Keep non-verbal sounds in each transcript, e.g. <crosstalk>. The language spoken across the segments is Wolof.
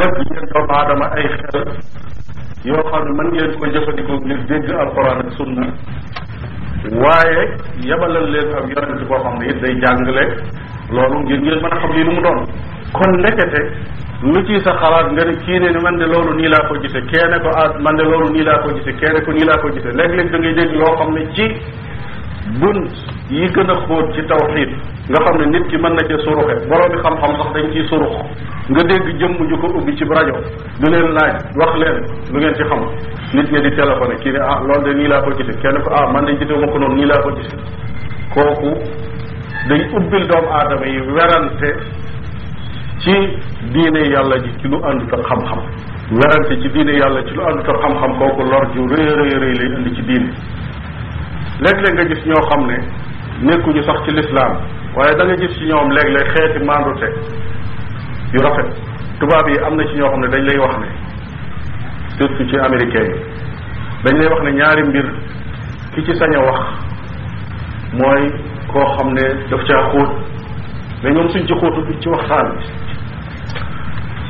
lépp yéen doomu aadama ay xel yoo xam ne mën ngeen ko jëfandikoo ngir dégg alquran ak sunna waaye yebalal leen ab yonent boo xam ne it day jàngale loolu ngir ngeen mën a xam lii lu mu doon kon ndekete lu ci sa xalaat nga ne kii ne ni man de loolu nii laa ko gise kee ne ko ah man de loolu nii laa ko gise kee ne ko nii laa ko gise léeg-léeg da ngay dégg loo xam ne ci bunt yi gën a xóot ci tawxiid nga xam ne nit ki mën na cee suruxe boroomi xam-xam sax dañ ciy surux nga dégg jëmm ju ko ubbi ci rajo du leen laaj wax leen lu ngeen ci xam nit ñi di téléphoné kii ne ah loolu nii laa ko gisee kenn ko ah man de gisee ma ko noonu nii laa ko gisee kooku day ubbil doomu aadama yi werante ci diine yàlla ji ci lu àndut ak xam-xam werante ci diine yàlla ci lu àndut ak xam-xam kooku lor ju rëy rëy rëy lay indi ci diine léeg-léeg nga gis ñoo xam ne nekkuñu sax ci lislaam waaye da gis ci ñoom léeg-léeg xeeti mandute yu rafet tubaab yi am na ci ñoo xam ne dañ lay wax ne surtout ci américain dañ lay wax ne ñaari mbir ki ci sañ wax mooy koo xam ne daf caa xóot mais ñoom suñ ci xóotu duñ ci waxtaan bi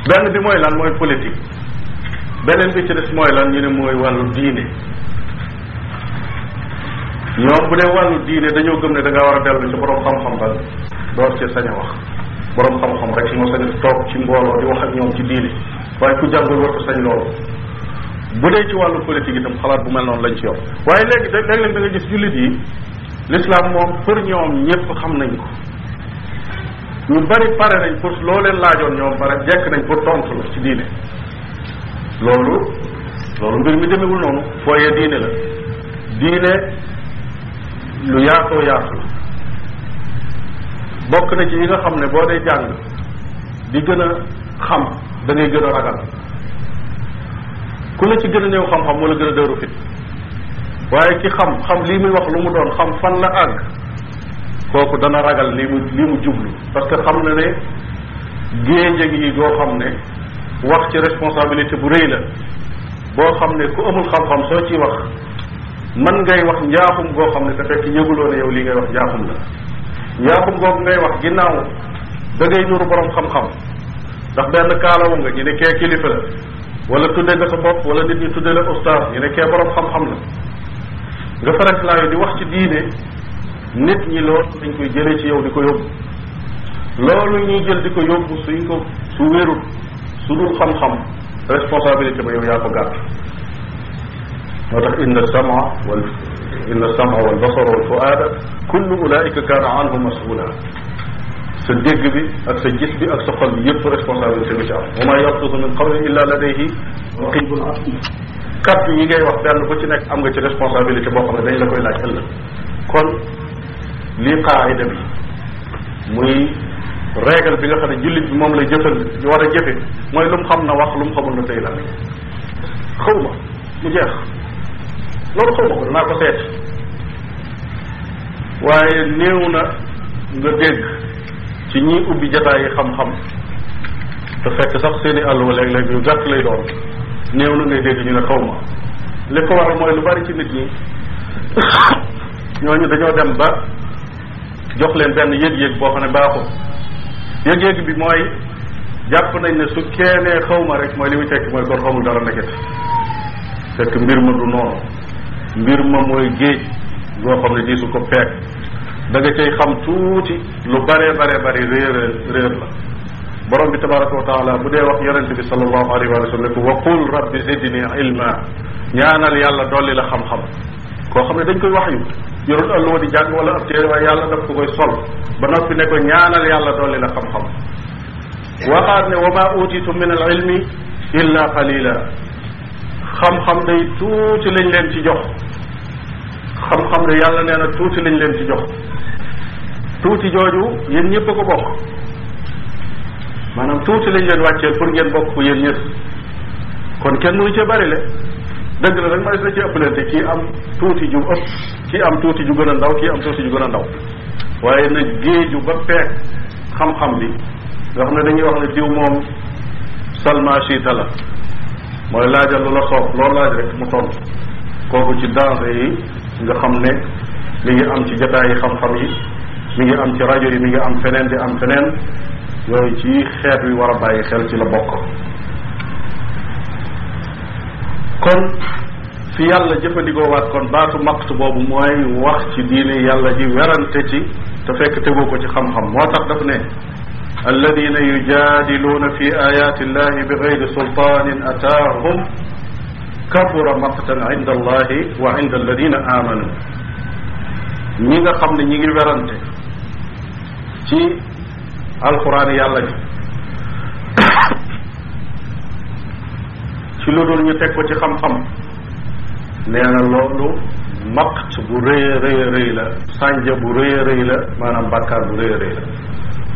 benn bi mooy lan mooy politique beneen bi ci des mooy lan ñu ne mooy wàllu diine ñoom bu dee wàllu diine dañoo gëm ne da ngaa war a dellu ci borom xam-xam ba door ci sañ a wax borom xam-xam rek ci moom sañ a toog ci mbooloo di wax ak ñoom ci diine waaye ku jàngul warta sañ loolu bu dee ci wàllu politique itam xalaat bu mel noonu lañ ci yow waaye léegi da léeg-léeg da nga gis jullit yi l'islam moom pour ñoom ñëpp xam nañ ko ñu bari pare nañ pour loo leen laajoon ñoom pare jekk nañ pour tontu la ci diine loolu loolu mbir mi demewul noonu fooyee diine lu yaatoo yaatu bokk na ci yi nga xam ne boo dee jàng di gën a xam da ngay gën a ragal ku la ci gën a néew xam-xam moo la gën a dëru fit waaye ki xam xam lii muy wax lu mu doon xam fan la àgg kooku dana ragal lii mu lii mu jublu parce que xam na ne géej a ngi goo xam ne wax ci responsabilité bu rëy la boo xam ne ku amul xam-xam soo ciy wax man ngay wax njaaxum goo xam ne te fekk yëguloo ne yow li ngay wax njaaxum la njaaxum googu ngay wax ginnaaw da ngay nuru borom xam-xam ndax benn kaalawu nga ñu ne kilifa la wala tudde nga sa bopp wala nit ñi tudde la ustaas ñu ne boroom borom xam-xam la nga faranklaayu di wax ci diine nit ñi loolu dañ koy jëlee ci yow di ko yóbbu loolu ñuy jël di ko yóbbu suñ ko su wérut su dul xam-xam responsabilité ba yow yaa ko gàtt moo tax inna sama wal inna sama wal basara wal fuaada kullu ulaika kaana anhu masula sa dégg bi ak sa gis bi ak sa xol bi yëpp responsabilité bi ci am wa maa yalfizu min qawlin illa ladayhi raqibun atid kàddu yi ngay wax benn bu ci nekk am nga ci responsabilité boo xam ne dañ la koy laaj ëllëg kon lii qaayida bi muy règle bi nga xam ne jullit bi moom la jëfal war a jëfe mooy lu mu xam na wax lu mu xamul na tey la xaw ma mu jeex loolu xaw ma ko danaa ko seet waaye néew na nga dégg ci ñi ubbi jataay yi xam-xam te fekk sax seeni àlluwa léeg-léeg yu gàtt lay doon néew na ngay dégg ñu ne xaw ma li ko waral mooy lu bari ci nit ñi <coughs> ñooñu dañoo dem ba jox leen benn yëg-yëg boo xam ne baaxul yëg-yëg bi mooy jàpp nañ ne su keenee xaw ma rek mooy li muy tekki mooy kon xamul dara nekkit fekk mbir ma du noonu mbir ma mooy géej goo xam ne diisu ko peeg da nga cay xam tuuti lu bare bare bari réer réer la borom bi tabaraka wa taala bu dee wax yonente bi sallallahu alayhi wa sallam ne ko wa qul rabbi zidni ilma ñaanal yàlla dolli la xam-xam koo xam ne dañ koy wax yu yorul alluwa di jàng wala ab téere waaye yàlla daf ko koy sol ba noppi ne ko ñaanal yàlla dolli la xam-xam waxaat ne wa ma utitu min al ilmi illa qalila xam-xam day tuuti lañ leen ci jox xam-xam de yàlla nee na tuuti lañ leen ci jox tuuti jooju yéen ñëpp a ko bokk maanaam tuuti lañ leen wàcceel pour ngeen bokk ko yéen ñëpp kon kenn mënu cee bari le dëgg la nag ma des na ci ëppalante kii am tuuti ju ëpp kii am tuuti ju gën a ndaw kii am tuuti ju gën a ndaw waaye nag géeju ba peeg xam-xam bi nga xam ne dañuy wax ne diw moom salma la mooy laajal lu la soob loo laaj rek mu tontu kooku ci danger yi nga xam ne mi ngi am ci jotaay yi xam-xam yi mi ngi am ci rajo yi mi ngi am feneen di am feneen yooyu ci xeet wi war a bàyyi xel ci la bokk kon fi yàlla jëfandikoo waat kon baatu maqt boobu mooy wax ci diine yàlla ji werante ci te fekk tegoo ko ci xam-xam moo tax daf ne الذين يجادلون في آيات الله بغير سلطان أتاهم كبر مقتا عند الله وعند الذين آمنوا ñi nga xam ne ñi ngi werante ci alxuraan yàlla ji ci lu dul ñu teg ko ci xam-xam nee na loolu maqt bu rëy rëy rëy la sànja bu rëy rëy la maanaam bàkkaar bu rëy rëy la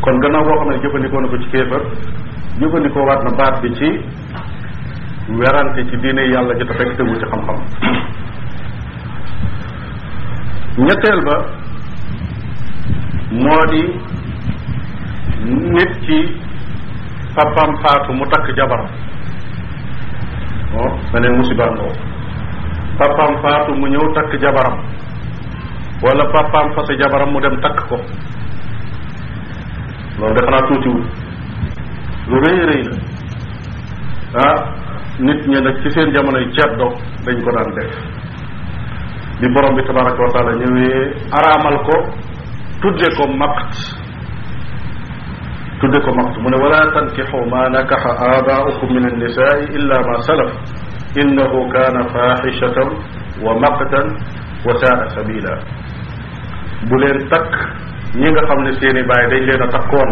kon gannaaw boo xam ne jëfandikoo na ko ci kéefër jëfandikoo waat na baat bi ci werante ci diine yàlla ji te fekk tegu ci xam-xam ñetteel ba moo di nit ci papam faatu mu takk jabar o oh, beneen musiba ngoo faatu mu ñëw takk jabaram wala papam fase jabaram mu dem takk ko lool defe naa tuutiwul lu rëy rëy la ah nit ñi nag ci seen jamonoy ceddo dañ ko daan bi borom bi tabaraka wa taala ñëwee araamal ko tudde ko maqt tudde ko maqt mu ne wala tankixu ma nakaxa aabaukum min annisaai illa ma salaf innahu kaana faaxishatan wa maqtan wa saa sabila bu ñi nga xam ne seeni baay dañ leen a takkoon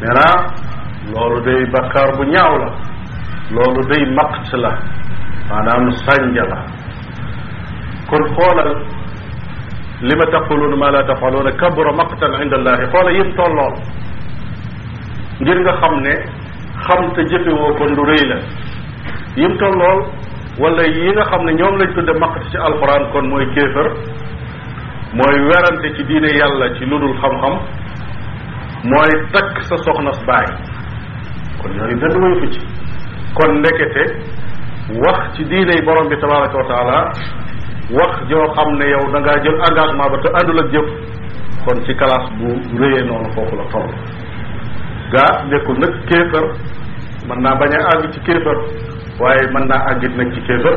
nee naa loolu day bakkaar bu ñaaw la loolu day maqt la maanaam sànja la kon xoolal li ma taquluuna ma la tafaluuna kabura maqtan inda allahi xoola yim tollool ngir nga xam ne xam te jëfewoo kon lu rëy la yim tollool wala yi nga xam ne ñoom lañ tudde maqt ci alquran kon mooy kéefër mooy werante ci diine yàlla ci ludul xam-xam mooy takk sa soxnas baay kon yooyu dëgg lañu fi ci kon ndekete wax ci diine yi borom bi tabaraka wa taala wax joo xam ne yow da ngaa jël engagement ba te àndul ak jëf kon ci classe bu réyee noonu foofu la toll gaa nekkul nag kéefër mën naa bañ a àgg ci kéefër waaye mën naa àggit nag ci kéefër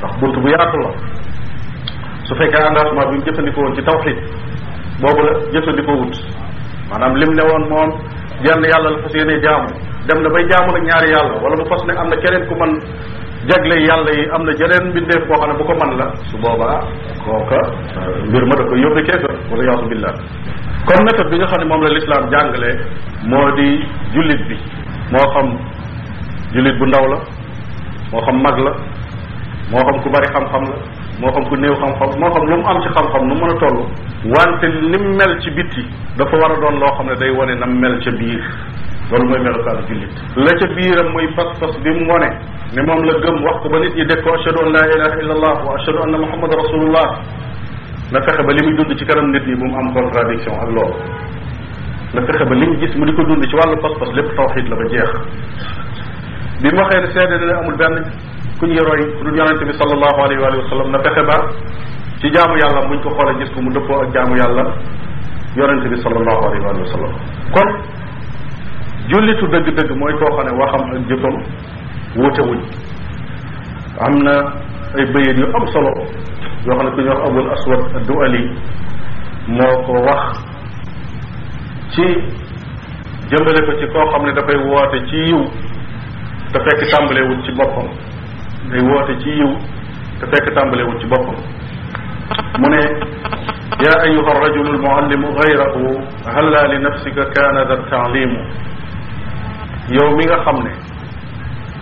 ndax bunt bu yaatu la su fekkee engagement bi mu jëfandikoo woon ci tawxid boobu la jëfandikoo wut maanaam lim ne woon moom jenn yàlla la fas yéene jaamu dem na bay jaamu nag ñaari yàlla wala mu fas ne am na keneen ku man jagle yàlla yi am na jeneen mbindeef boo xam ne bu ko man la su boobaa kooka euh, mbir ma da koy yóbbu kéefër wala yaasu billah kon méthode bi nga xam ne moom la lislaam jàngale moo di jullit bi moo xam jullit bu ndaw la moo xam mag la moo xam ku bari xam-xam moo xam ku néew xam-xam mu am ci xam-xam nu mën a toll wante nim mel ci bitti dafa war a doon loo xam ne day wane na mel ca biir loolu mooy melokaanu jullit la ca biiram muy pas-pas bi mu wane ne moom la gëm wax ko ba nit ñi dégg ko ashhadu an la ilaha illa allah wa o anna muhammadan rasulullah na fexe ba li muy dund ci kanam nit ñi bu am am contradiction ak loolu na fexe ba li mu gis mu di ko dund ci wàllu pas-pas lépp tawxid la ba jeex bi wax waxee ne seede ne amul benn ku ñuy roy ku dul yonente bi sallallahu alayhi wa sallam na fexe ba ci jaamu yàlla buñ ko xoolee gis ko mu dëppoo ak jaamu yàlla yonente bi sallallahu alayhi wa sallam kon jullitu dëgg-dëgg mooy koo xam ne waxam ak jëfam wuute wuñ am na ay bayit yu am solo yoo xam ne ku ñuy wax abul aswad ad-du'ali moo ko wax ci jëmbale ko ci koo ne dafay woote ci yiw te fekk ci boppam day woote ci yiw te fekk tàmbalewul ci boppam mu ne yaa ayuha rajulu almuallimu gayrahu halla li nafsika kaana da taalimu yow mi nga xam ne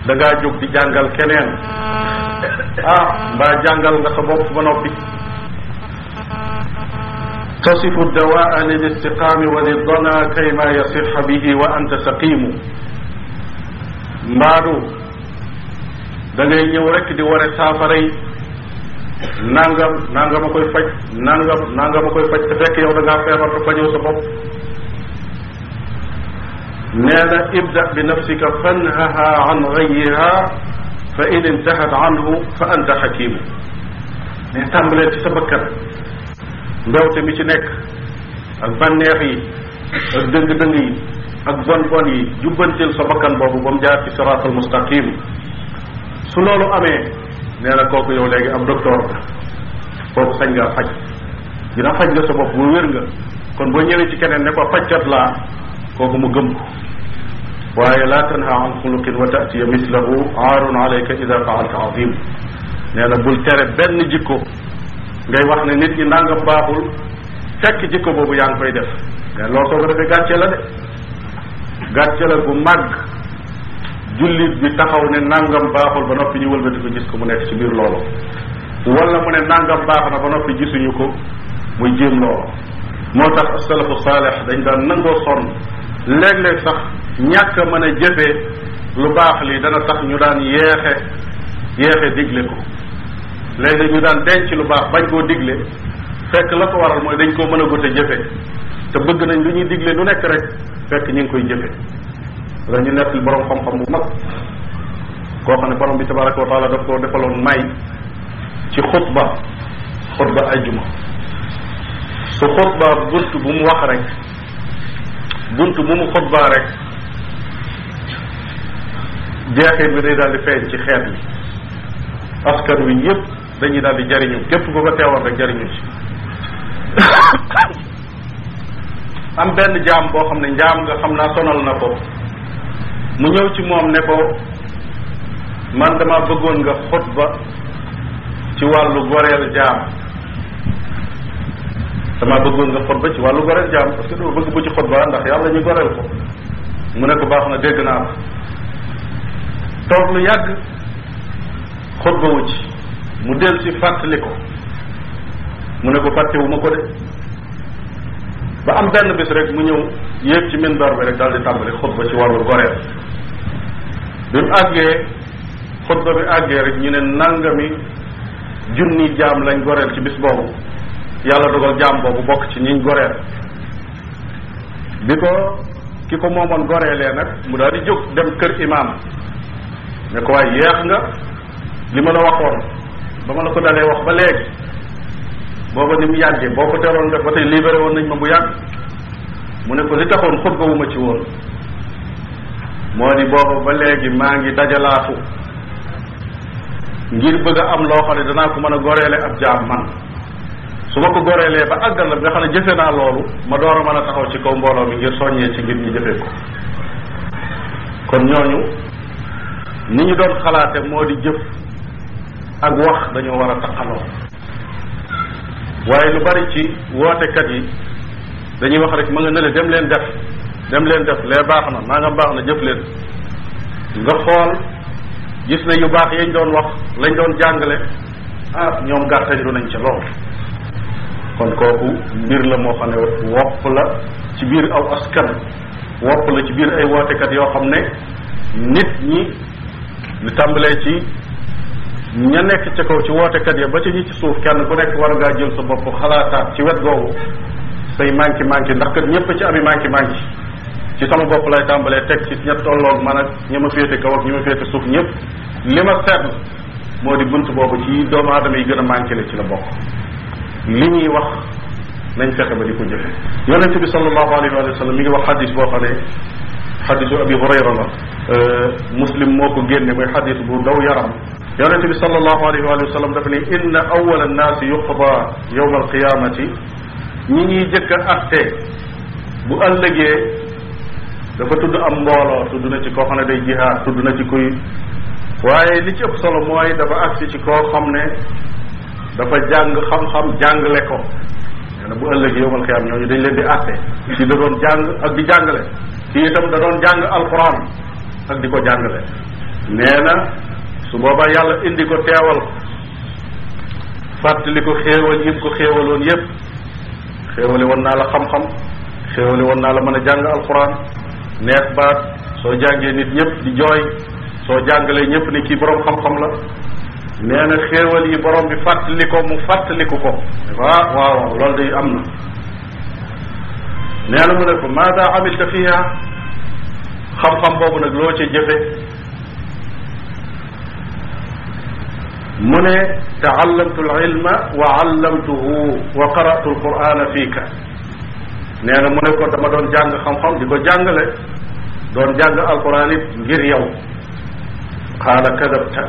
da ngaa jóg di jàngal keneen ah mbaa jàngal nga sa bopp ba noppi tasifu dawaa lilistiqaami wa lidana kay ma yasixa bihi wa anta saqimu mbaadu da ngay ñëw di war saafara yi nangam nangam koy faj nangam a koy faj te fekk yow da ngaa feebar te fajoo sa bopp nee na ibda bi nafsika fanhaha an ghayyiha fa in intahat anhu ci sa bakkan mbewte mi ci nekk ak bànneex yi ak dëng-dëng yi ak bon bon yi sa bakkan boobu ba mu jaar ci mustaqim su loolu amee nee la kooku yow léegi am docteur nga kooku sañ ngaa faj dina faj nga sa bopp bu wér nga kon boo ñëwee ci keneen ne ko fajkat laa kooku mu gëm ko waaye laa tanha an xuluqin wa tatiya mislahu aarun alayka ida faalta azim nee na bul tere benn jikko ngay wax ne nit ñi nangam baaxul fekk jikko boobu yaa ngi koy def mais lool soo ko defee gàcce la de gàcce la bu màgg jullit bi taxaw ne nangam baaxul ba noppi ñu wëlbati ko gis ko mu nekk ci biir loolu wala mu ne nangam baax na ba noppi gisuñu ko muy jéem loolu moo tax salafu saalix dañ daan nangoo sonn léeg-léeg sax ñàkk a mën a jëfee lu baax lii dana tax ñu daan yeexe yeexe digle ko léeg-léeg ñu daan denc lu baax bañ koo digle fekk la ko waral mooy dañ koo mën a gut a jëfe te bëgg nañ lu ñuy digle lu nekk rek fekk ñu ngi koy jëfe dañu nekk borom xam-xam bu mag koo xam ne borom bi tabaraka wa taala daf koo defaloon may ci xutba xutba ajjuma su xutba bunt bu mu wax rek bunt bu mu xutba rek jeexee bi day daal feeñ ci xeet yi askan wi yépp dañuy daal di jariñu képp ku ko teewoon rek jariñu ci <coughs> am benn jaam boo xam ne njaam nga xam naa sonal na ko mu ñëw ci moom ne ko man dama bëggoon nga xutba ci wàllu goreel jaam dama bëggoon nga xutba ci wàllu goreel jaam parce que dama bëgg bu ci xutba ndax yàlla ñu goreel ko mu ne ko baax na dégg naa ko toog lu yàgg xutba wu ci mu del ci fàttali ko mu ne ko fàttewu ma ko de ba am benn bis rek mu ñëw yéeg ci minbar bi rek daal di tàmbali xutba ci wàllu goreel bi mu àggee xutba bi àggee rek ñu ne nangami junni jaam lañ goreel ci bis boobu yàlla dogal jaam boobu bokk ci ñiñ goreel bi ko ki ko moomoon goreelee nag mu daal di jóg dem kër imaam ne ko waaye yeex nga li ma la waxoon ba ma la ko dalee wax ba léegi booba ni mu yàggee boo ko teeloon def ba tey libéré woon nañ ma bu yàgg mu ne ko li taxoon xutba wu ma ci woon moo di boobu ba léegi maa ngi dajalaatu ngir bëgg am loo xam ne danaa ko mën a goreele ab jaam man su ma ko goreelee ba àggal la bi nga xam ne jëfe naa loolu ma door a mën a taxaw ci kaw mbooloo mi ngir soññee ci ngir ñu jëfe ko kon ñooñu ni ñu doon xalaate moo di jëf ak wax dañoo war a taqaloo waaye lu bari ci wootekat yi dañuy wax rek ma nga ne dem leen def dem leen def lee baax na naa nga baax na jëf leen nga xool gis na yu baax yañ doon wax lañ doon jàngale ah ñoom gàttañlu nañ ca lool kon kooku mbir la moo xam ne wopp la ci biir aw askan wopp la ci biir ay wootekat yoo xam ne nit ñi li tàmbalee ci ña nekk ca kaw ci wootekat ya ba ci ñi ci suuf kenn bu nekk war ngaa jël sa bopp xalaataat ci wet googu say manki manki ndax kat ñépp ci ami manki manki ci sama bopp lay tàmbalee teg ci ña tolloog man ak ña ma féete kaw ak ña ma féete suuf ñëpp li ma seetlu moo di bunt boobu ci doomu aadama yi gën a manqué la ci la bokk li ñuy wax nañ fexe ba di ko jëfe yonent bi sallallahu alayhi wa sallam mi ngi wax xadis boo xam ne xadisu abi hurayra la euh, muslim moo ko génne mooy xadis bu daw yaram yonent bi sallallahu alayhi wa sallam dafa ne inna awala annaasi yuqda yawma alqiyamati ñi ñuy jëkk a atte bu ëllëgee dafa tudd am mbooloo tudd na ci koo xam ne day jihaad tudd na ci kuy waaye li ci ëpp solo dafa agsi ci koo xam ne dafa jàng xam-xam jàngale ko nee na bu ëllëgee yomal xiyaam ñooñu dañ leen di àtte ci da doon jàng ak di jàngale ci itam da doon jàng alxuraan ak di ko jàngale nee na su boobaa yàlla indi ko teewal fàttali ko xéewal yim ko xéewaloon yépp xéewali woon naa la xam-xam xéewali woon naa la mën a jàng alxuraan neex baat soo jàngee nit ñëpp di jooy soo jàngalee ñëpp ni kii borom xam-xam la nee na xéewal yi borom bi fàttali ko mu fàttaliku ko ah, waaw waaw loolu day am na nee na mu ne ko maada amilta fiha xam-xam boobu nag loo ca jëfe mu ne taallamtu al ilma wa allamtuhu wa qaratu al qurana fiika nee na mu ne dama doon jàng xam-xam di ko jàngale doon jàng alquran it ngir yow xaala kadabta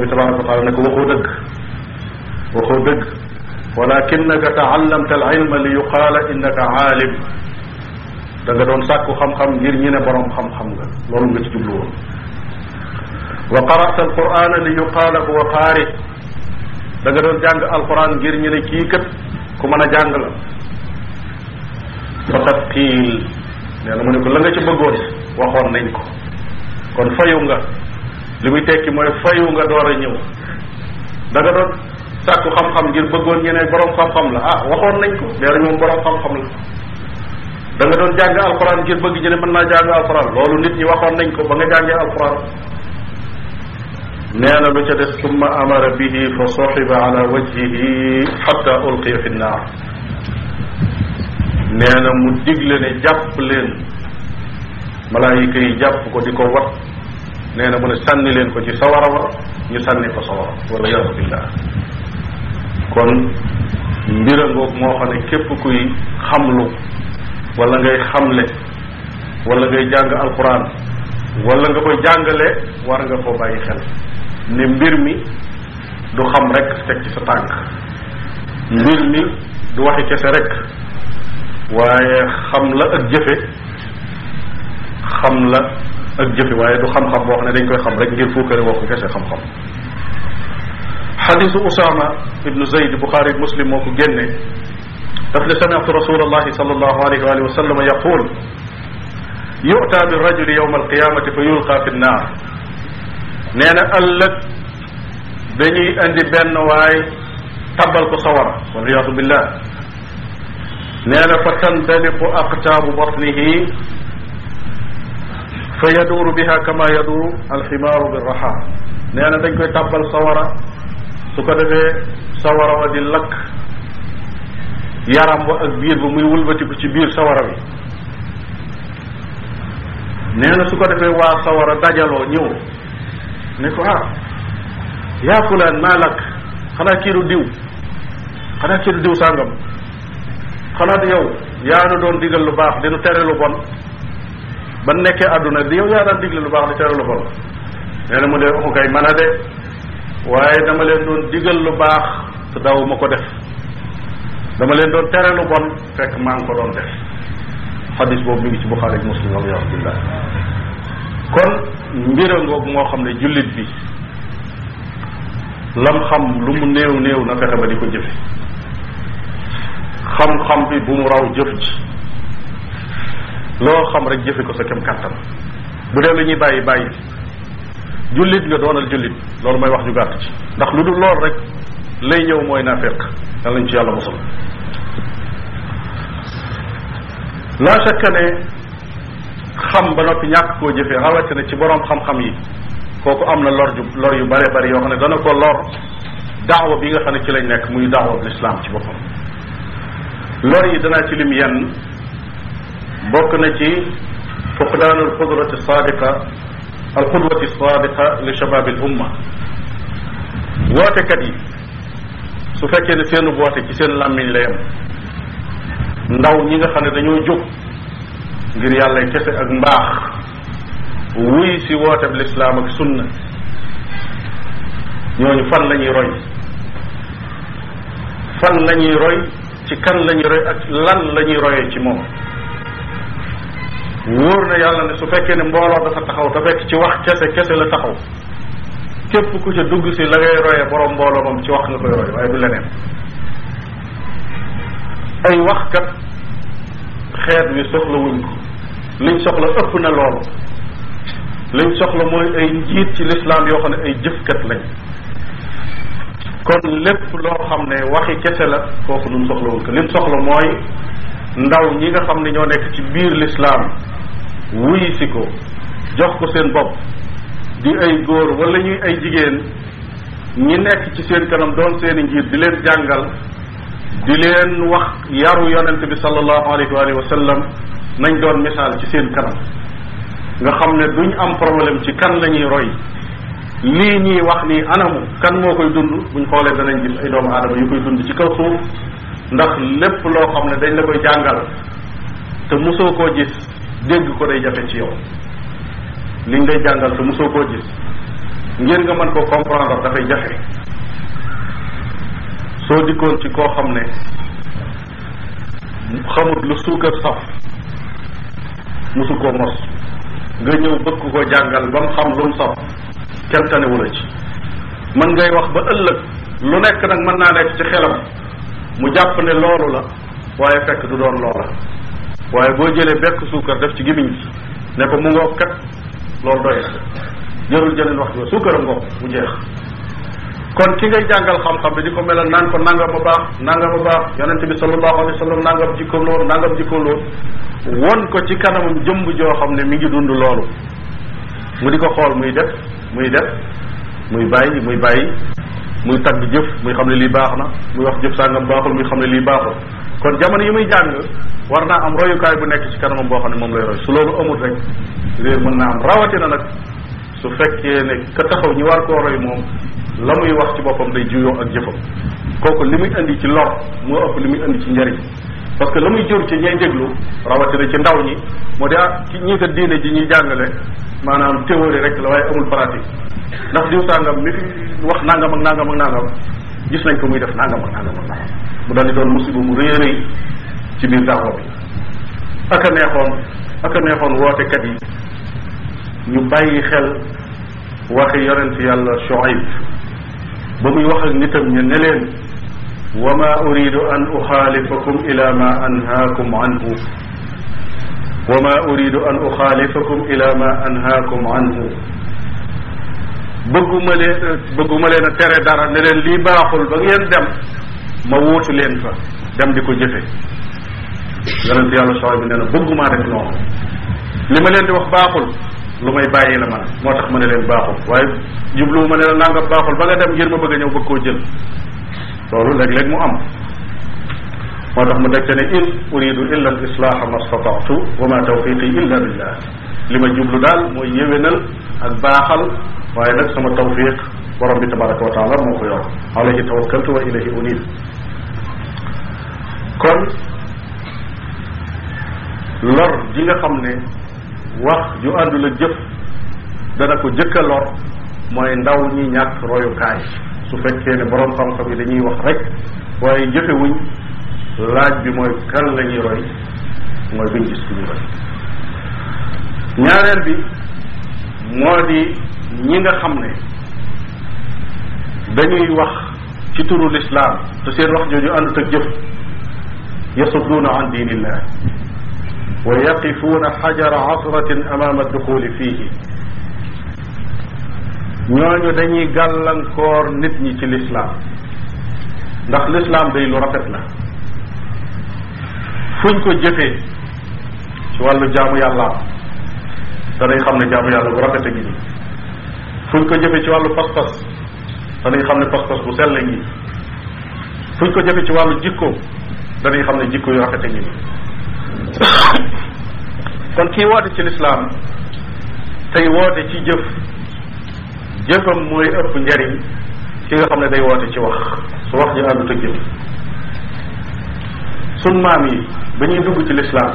bi tabaraka wa ko waxoo dëgg waxoo dëgg walakinnaka taallamta al ilma li yuqaala innaka aalim da nga doon sàkku xam ngir ñi ne borom xam nga loolu nga ci jublu woon li yuqaala huwa qaari doon jàng alquran ngir ñi ne ku mën a jàng watattiil nee na mu ne ko la ci bëggoon waxoon nañ ko kon fayu nga li muy tekki mooy fayu nga door a ñëw da doon sàkku xam-xam ngir bëggoon ñeneen borom xam-xam la a ah, waxoon nañ ko nee nañ moom borom xam-xam la da doon jàng alxuraan ngir bëgg ñu ne mën naa jàng alxuraan loolu nit ñi waxoon nañ ko ba nga jàngee alxuraan na lu ca des summa amara bihi fa soxiba ala wajhihi xatta ulqiya fi nnaar nee na mu digle ne jàpp leen malaayika yi jàpp ko di ko wat nee na mu ne sànni leen ko ci sawara wa ñu sànni ko sawara wala yaasu billah kon mbira ngoog moo xam ne képp kuy xamlu walla ngay xamle walla ngay jàng alquran wala nga koy jàngale war nga koo bàyyi xel ne mbir mi du xam rek teg ci sa tànk mbir mi du waxi kese rek waaye xam la ak jëfe xam la ak jëfe waaye du xam-xam boo xam ne dañ koy xam rek ngir fuukare woo ko kese xam-xam xadisu usama ibnu zayd buxaari muslim moo ko génne daf ne sami'tu rasulallahi sallallahu alayhi wa alihi wa sallam yaqul yu'ta bi rajuli yawma alqiyamati fa yulqa fi nnaar nee na ëllëg dañuy indi benn waay tabal ko sawara wal iyaadu billah nee na fa tandaliqu aqtaabu batnihi fa yaduuru biha kama yaduuru alximaaru birraha nee na dañ koy tàbbal sawara su ko defee sawara wa di lakk yaram wa ak biir ba muy wëlbatiku ci biir sawara bi nee na su ko defee waa sawara dajaloo ñëw ne ko ah yaa fulaan maa lakk xanaa kiiru diw xanaa kiiru diw sàngam xanaa yow yaa nu doon digal lu baax di nu tere lu bon ba nekkee àdduna di yow yaa daan digle lu baax di tere lu bon nee na mu ne waxu kay mën a de waaye dama leen doon digal lu baax te daw ma ko def dama leen doon tere lu bon fekk maa ngi ko doon def xadis boobu mi ngi ci buxaari ak muslim alhamdulilah kon mbira ngoog moo xam ne jullit bi lam xam lu mu néew néew na fexe ba di ko jëfe xam-xam bi bu mu raw jëf ji loo xam rek jëfe ko sa kem kàttan bu dee lu ñuy bàyyi bàyyi jullit nga doonal jullit loolu mooy wax ju gàtt ci ndax lu dul lool rek lay ñëw mooy naafeq yàlla nañ ci yàlla mosal laa shakka ne xam ba noppi ñàkk koo jëfee rawatina ci boroom xam-xam yi kooku am na lor ju yu bare bari yoo xam ne dana ko lor daawa bi nga xam ne ci lañ nekk muy daawa lislaam ci boppam lor yi danaa ci lim yenn bokk na ci fuqdaanu alxudrati saadiqa alxudwati saadiqa li shabaab al umma wootekat yi su fekkee ne seenu woote ci seen làmmiñ la yem ndaw ñi nga xam ne dañoo jóg ngir yàlla kese ak mbaax wuy si wooteeb lislaam ak sunna ñooñu fan la ñuy roy fan la ñuy roy ci kan lañuy ñuy roy ak lan lañuy royee ci moom wóor na yàlla ne su fekkee ne mbooloo dafa taxaw te fekk ci wax kese kese la taxaw képp ku ci dugg si la ngay royee borom mbooloo moom ci wax nga koy roy waaye du leneen ay kat xeet wi soxla wuñ ko liñ soxla ëpp na loolu liñ soxla mooy ay njiit ci lislaam yoo xam ne ay jëfkat lañ kon lépp loo xam ne waxi kese la foofu nun soxlawul ko lim soxla mooy ndaw ñi nga xam ne ñoo nekk ci biir lislaam wuyi si ko jox ko seen bopp di ay góor wala ñuy ay jigéen ñi nekk ci seen kanam doon seen i njiit di leen jàngal di leen wax yaru yonente bi sallallahu alayhi waalihi wa nañ doon misaal ci seen kanam nga xam ne duñ am problème ci kan lañuy roy lii ñuy wax nii anamu kan moo koy dund buñ xoolee danañ gis ay doomu aadama yu koy dund ci kaw suuf ndax lépp loo xam ne dañ la koy jàngal te musoo koo gis dégg ko day jafe ci yow liñ lay jàngal te mosoo koo gis ngir nga mën koo comprendre dafay jafe soo dikkoon ci koo xam ne xamut lu suukar saf mosu koo mos nga ñëw bëgg koo jàngal ba mu xam lu saf kenn tanewu la ci mën ngay wax ba ëllëg lu nekk nag mën naa nekk ci xelam mu jàpp ne loolu la waaye fekk du doon loola waaye boo jëlee bekk suukar def ci gémmiñ gi ne ko mu ngoog kat loolu doy na jërul jëleen wax ba suukar a ngoog mu jeex kon ki ngay jàngal xam-xam bi di ko melal naan ko nangam a baax nangam a baax yonente bi sallallahu alayhi wa sallam nangam jikkoom loolu nangam jikkoom loolu won ko ci kanamam jëmb joo xam ne mi ngi dund loolu mu di ko xool muy def muy def muy bàyyi muy bàyyi muy tagg jëf muy xam ne lii baax na muy wax jëf sàngam baaxul muy xam ne lii baaxul kon jamono yi muy jàng war naa am royukaay bu nekk ci kanamam boo xam ne moom lay roy su loolu amul rek réer mën naa am rawatina nag su fekkee ne ka taxaw ñi war koo roy moom la muy wax ci boppam day juyoo ak jëfam kooku li muy indi ci lor moo ëpp li muy indi ci njariñ parce que la muy jur ci ñay déglu rawatina ci ndaw ñi moo di ah ci ñii kat diine ji ñuy jàngale maanaam théorie rek la waaye amul pratique ndax diw sàngam mi fi wax nangam ak nangam ak nangam gis nañ ko muy def nangam ak nangam ak mu daal di doon musiba mu rëy rëy ci biir daawa bi ak a neexoon ak a neexoon wootekat yi ñu bàyyi xel waxi yonent yàlla Shuayb ba muy wax ak nitam ñu ne leen wa ma uridu an uxaalifakum ila ma anhaakum anhu wa ma uridu an uxaalifakum ila ma anhaakum anhu bëgguma leen bëgguma leen a tere dara ne leen lii baaxul ba ngeen dem ma wuutu leen fa dem di ko jëfe yonent yàlla sooy bi nee na bëggumaa def noonu li ma leen di wax baaxul lu may bàyyi la man moo tax ma ne leen baaxul waaye jubluwu ma ne la nangam baaxul ba nga dem ngir ma bëgg a ñëw bëgg koo jël loolu léeg-léeg mu am moo tax mu teg te ne in uridu illa al islaaha ma stataatu wa ma tawfiqi illa billah li ma jublu daal mooy yéwénal ak baaxal waaye nag sama tawfiq borom bi tabaraka wa taala moo ko yor alayhi tawakkaltu wa ilayhi unib kon lor ji nga xam ne wax ju àndul ak jëf dana ko jëkka lor mooy ndaw ñi ñàkk royukaay su fekkee ne borom xam-xam yi dañuy wax rek waaye jëfewuñ laaj bi mooy kan la ñuy roy mooy buñ gis ku ñu roy ñaareel bi moo di ñi nga xam ne dañuy wax ci turu lislaam te seen wax jooju àndut ak jëf yasudduuna an diinillah wa yaqifuuna xajara asratin amaama duxuli fiihi ñooñu dañuy gàllankoor nit ñi ci lislaam ndax lislaam day lu rafet la fuñ ko jëfee ci wàllu jaamu yàlla danañ xam ne jaamu yàlla bu rafet a ngi fuñ ko jëfee ci wàllu pas-pas xam ne pas-pas bu sell ngi fuñ ko jëfee ci wàllu jikko danañ xam ne jikko yu rafet a ngi <coughs> kon kii woote ci lislaam tey woote ci jëf jëfam mooy ëpp njariñ ki nga xam ne day woote ci wax su wax ñu àndut ak jëf suñ maam yi ba ñuy dugg ci lislaam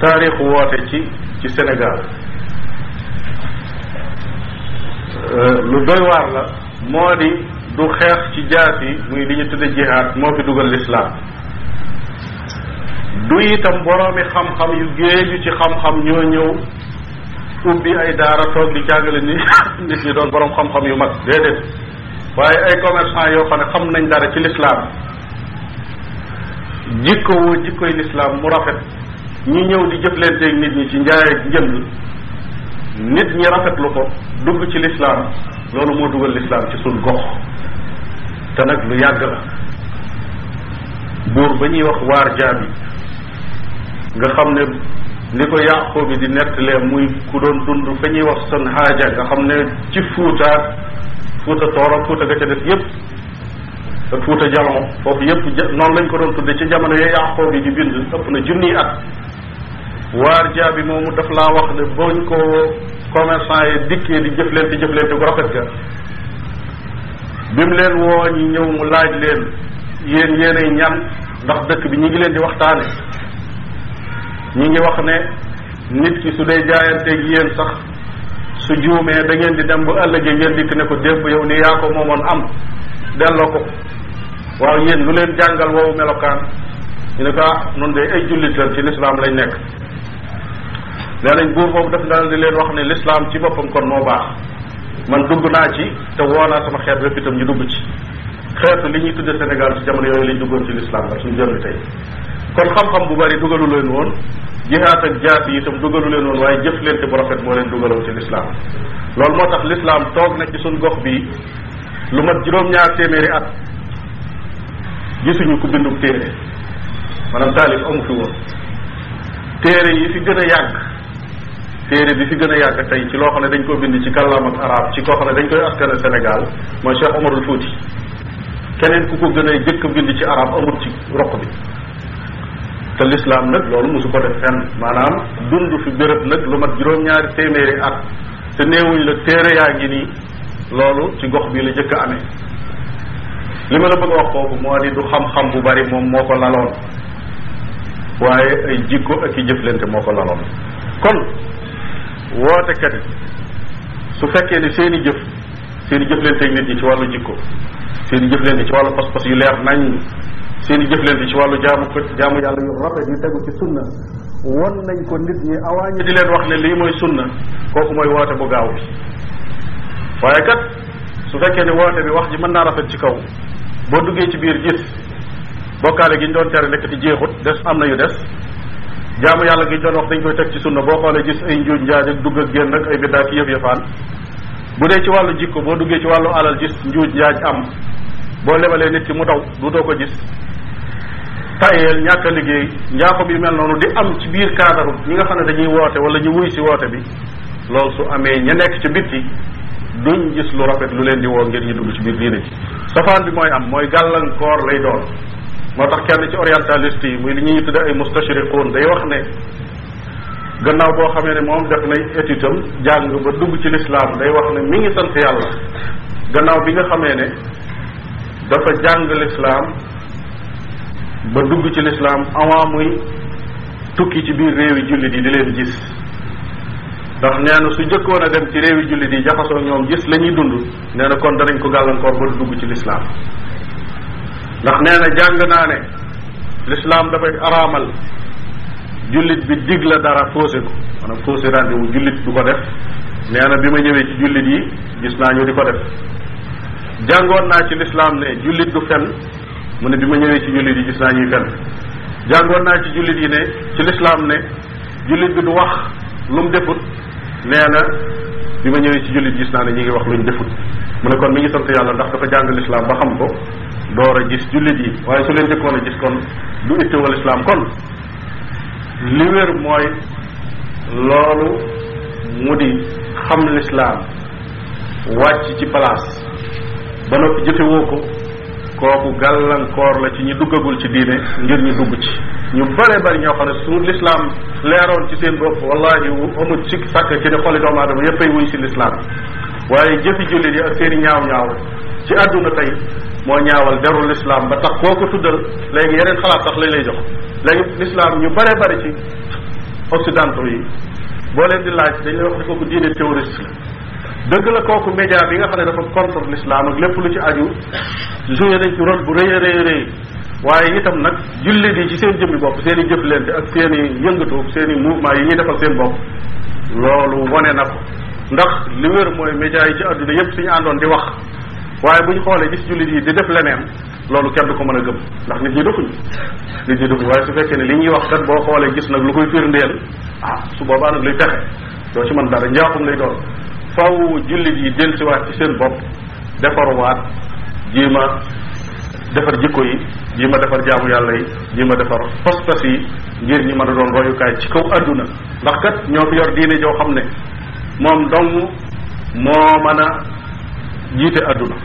taarixu woote ci ci Sénégal euh, lu doy waar la moo di du xeex ci jaas yi muy li ñu tudde jihaad moo fi dugal lislaam du itam boroomi xam-xam yu géeju ci xam-xam ñoo ñëw ubbi ay daara toog di jàngale ni <laughs> nit ñi doon boroom xam-xam yu mag déedéet waaye ay commerçant yoo xam ne xam nañ dara ci lislaam jikko woo jikkoy lislaam mu rafet ñi ñëw di jëflanteeg nit ñi ci njaay ak njënd nit ñi rafetlu ko dugg ci lislaam loolu moo dugal lislaam ci suñ gox te nag lu yàgg la buur ba ñuy wax waar jaabi nga xam ne ni ko yàqoo bi di nettalee muy ku doon dund fa ñuy wax sën xaaja nga xam ne ci fuutaak fuuta toor ak fuuta ga ca des yépp ak fuuta jalon foofu yépp noonu lañ ko doon tudde ci jamono ya yàqoo bi di bind ëpp na junniy at waar jaa bi moomu daf laa wax ne ñu ko commerçant yi dikkee di jëflante jëflante gu rafet ga bi mu leen woo ñi ñëw mu laaj leen yéen yéenay ñan ndax dëkk bi ñu ngi leen di waxtaane ñu ngi wax ne nit ki su dee jaayanteeg yéen sax su juumee da ngeen di dem bu ëllëgee ngeen dikk ne ko démb yow nii yaa ko moomoon am delloo ko waaw yéen lu leen jàngal woowu melokaan ñu ne ko ah nun de ay jullit ci lislaam lañ nekk nee nañ buur boobu daf daal li leen wax ne lislaam ci boppam kon moo baax man dugg naa ci te woo naa sama xeet wépp itam ñu dugg ci xeetu li ñuy tudde senegal ci jamono yooyu lañ duggoon ci lislaam la suñu jënd tey kon xam-xam bu bari dugalu leen woon jihaat ak jaas yi tam dugalu leen woon waaye jëflante bu rafet moo leen dugaloon ci lislaam loolu moo tax lislaam toog na ci suñ gox bi lu mat juróom-ñaar téeméeri at gisuñu ku bindub téere maanaam taalif amu fi woon téere yi fi gën a yàgg téere bi fi gën a yàgg tey ci loo xam ne dañ koo bind ci kàllaam ak arab ci koo xam ne dañ koy askane Sénégal mooy Cheikh Omarul Fouti keneen ku ko gën a jëkk bind ci arab bi te lislaam nag loolu mosu ko def fenn maanaam dund fi béréb nag lu mat juróom-ñaari téeméeri at te néewuñ la téere yaa ngi nii loolu ci gox bii la jëkk a li ma la bëgg wax foofu moo di du xam-xam bu bari moom moo ko laloon waaye ay jikko ak i jëflante moo ko laloon kon wootekat su fekkee ne seeni i jëf seen i jëflante nit ñi ci wàllu jikko seen i jëflante ci wàllu pas-pas yu leer nañ seen i jëflante ci wàllu jaamu ko jaamu yàlla yu rafet yu tegu ci sunna won nañ ko nit ñi awaa ñi di leen wax ne lii mooy sunna kooku mooy woote bu gaaw bi waaye kat su fekkee ne woote bi wax ji mën naa rafet ci kaw boo duggee ci biir gis bokkaale gi doon tere nekk ci jeexut des am na yu des jaamu yàlla gi ñu doon koy teg ci sunna boo xoolee gis ay njuuj njaaj ak dugg ak génn ak ay biddaa ki yëf yëfaan bu dee ci wàllu jikko boo duggee ci wàllu alal gis njuuj njaaj am boo lebalee nit ki mu daw du doo ko gis tayeel ñàkk a liggéey njaaxu bi mel noonu di am ci biir cadre ñi nga xam ne dañuy woote wala ñu wuy ci woote bi loolu su amee ña nekk ci bitti duñ gis lu rafet lu leen di woo ngir ñi dugg ci biir diine ci safaan bi mooy am mooy gàllankoor lay doon moo tax kenn ci orientaliste yi muy li ñuy tudde ay mustashriqoon day wax ne gannaaw boo xamee ne moom def na étude jàng ba dugg ci lislaam day wax ne mi ngi sant yàlla gannaaw bi nga xamee ne dafa jàng ba dugg ci lislaam avant muy tukki ci biir réewi jullit yi di leen gis ndax nee na su jëkkoon a dem ci réewi jullit yi jaxasoo ñoom gis lañuy dund nee na danañ ko gàllankoor ba dugg ci lislaam ndax nee na jàng naa ne lislaam dafay araamal jullit bi dig la dara fausé ko maanaam fausé rendez-vous jullit du ko def nee na bi ma ñëwee ci jullit yi gis naa ñu di ko def jàngoon naa ci lislaam ne jullit du fen mu ne bi ma ñëwee ci jullit yi gis naa ñuy fen jàngoon naa ci jullit yi ne ci lislaam ne jullit bi du wax lu mu defut nee na bi ma ñëwee ci jullit gis naa ne ñu ngi wax lu luñ defut mu ne kon mi ngi sant yàlla ndax dafa jàng lislaam ba xam ko door a gis jullit yi waaye su leen jëkkoon a gis kon du ittewoo lislaam kon li wér mooy loolu mu di xam lislaam wàcc ci place ba noppi jëfewoo ko kooku gàllankoor la ci ñi duggagul ci diine ngir ñu dugg ci ñu bare bari ñoo xam ne su lislaam leeroon ci seen bopp wallahi amut sikk sàkk ci ne xoli doomu aadama yépp ay wuy si lislaam waaye jëfi jullit yi ak seen ñaaw ñaaw ci àdduna tey moo ñaawal deru lislaam ba tax koo ko tuddal léegi yeneen xalaat sax lañ lay jox léegi lislaam ñu bare bari ci occidentaux yi boo leen di laaj dañ lay wax ne kooku diine terroriste la dëgg la kooku média bi nga xam ne dafa contre l'islam ak lépp lu ci aju joué nañ ci rôle bu rëy a rëy rëy waaye itam nag jullit yi ci seen jëmmi bopp seen i jëflante ak seen i yëngatu seen i yi ñuy defal seen bopp loolu wane na ko ndax li wér mooy média yi ci àdduna yépp suñu àndoon di wax waaye buñ xoolee gis jullit yi di def leneen loolu kenn du ko mën a gëm ndax nit ñi dofuñu nit ñi dofuñu waaye su fekkee ne li ñuy wax kat boo xoolee gis nag lu koy firndeel ah su boobaa nag luy pexe doo ci mën dara njaaxum lay doon faw jullit yi dellusiwaat ci seen bopp defaruwaat jéem a defar jikko yi jéem a defar jaamu yàlla yi jéem a defar pas-pas yi ngir ñu mën a doon royukaay ci kaw àdduna ndax kat ñoo fi yor diine joo xam ne moom dong moo mën a jiite adduna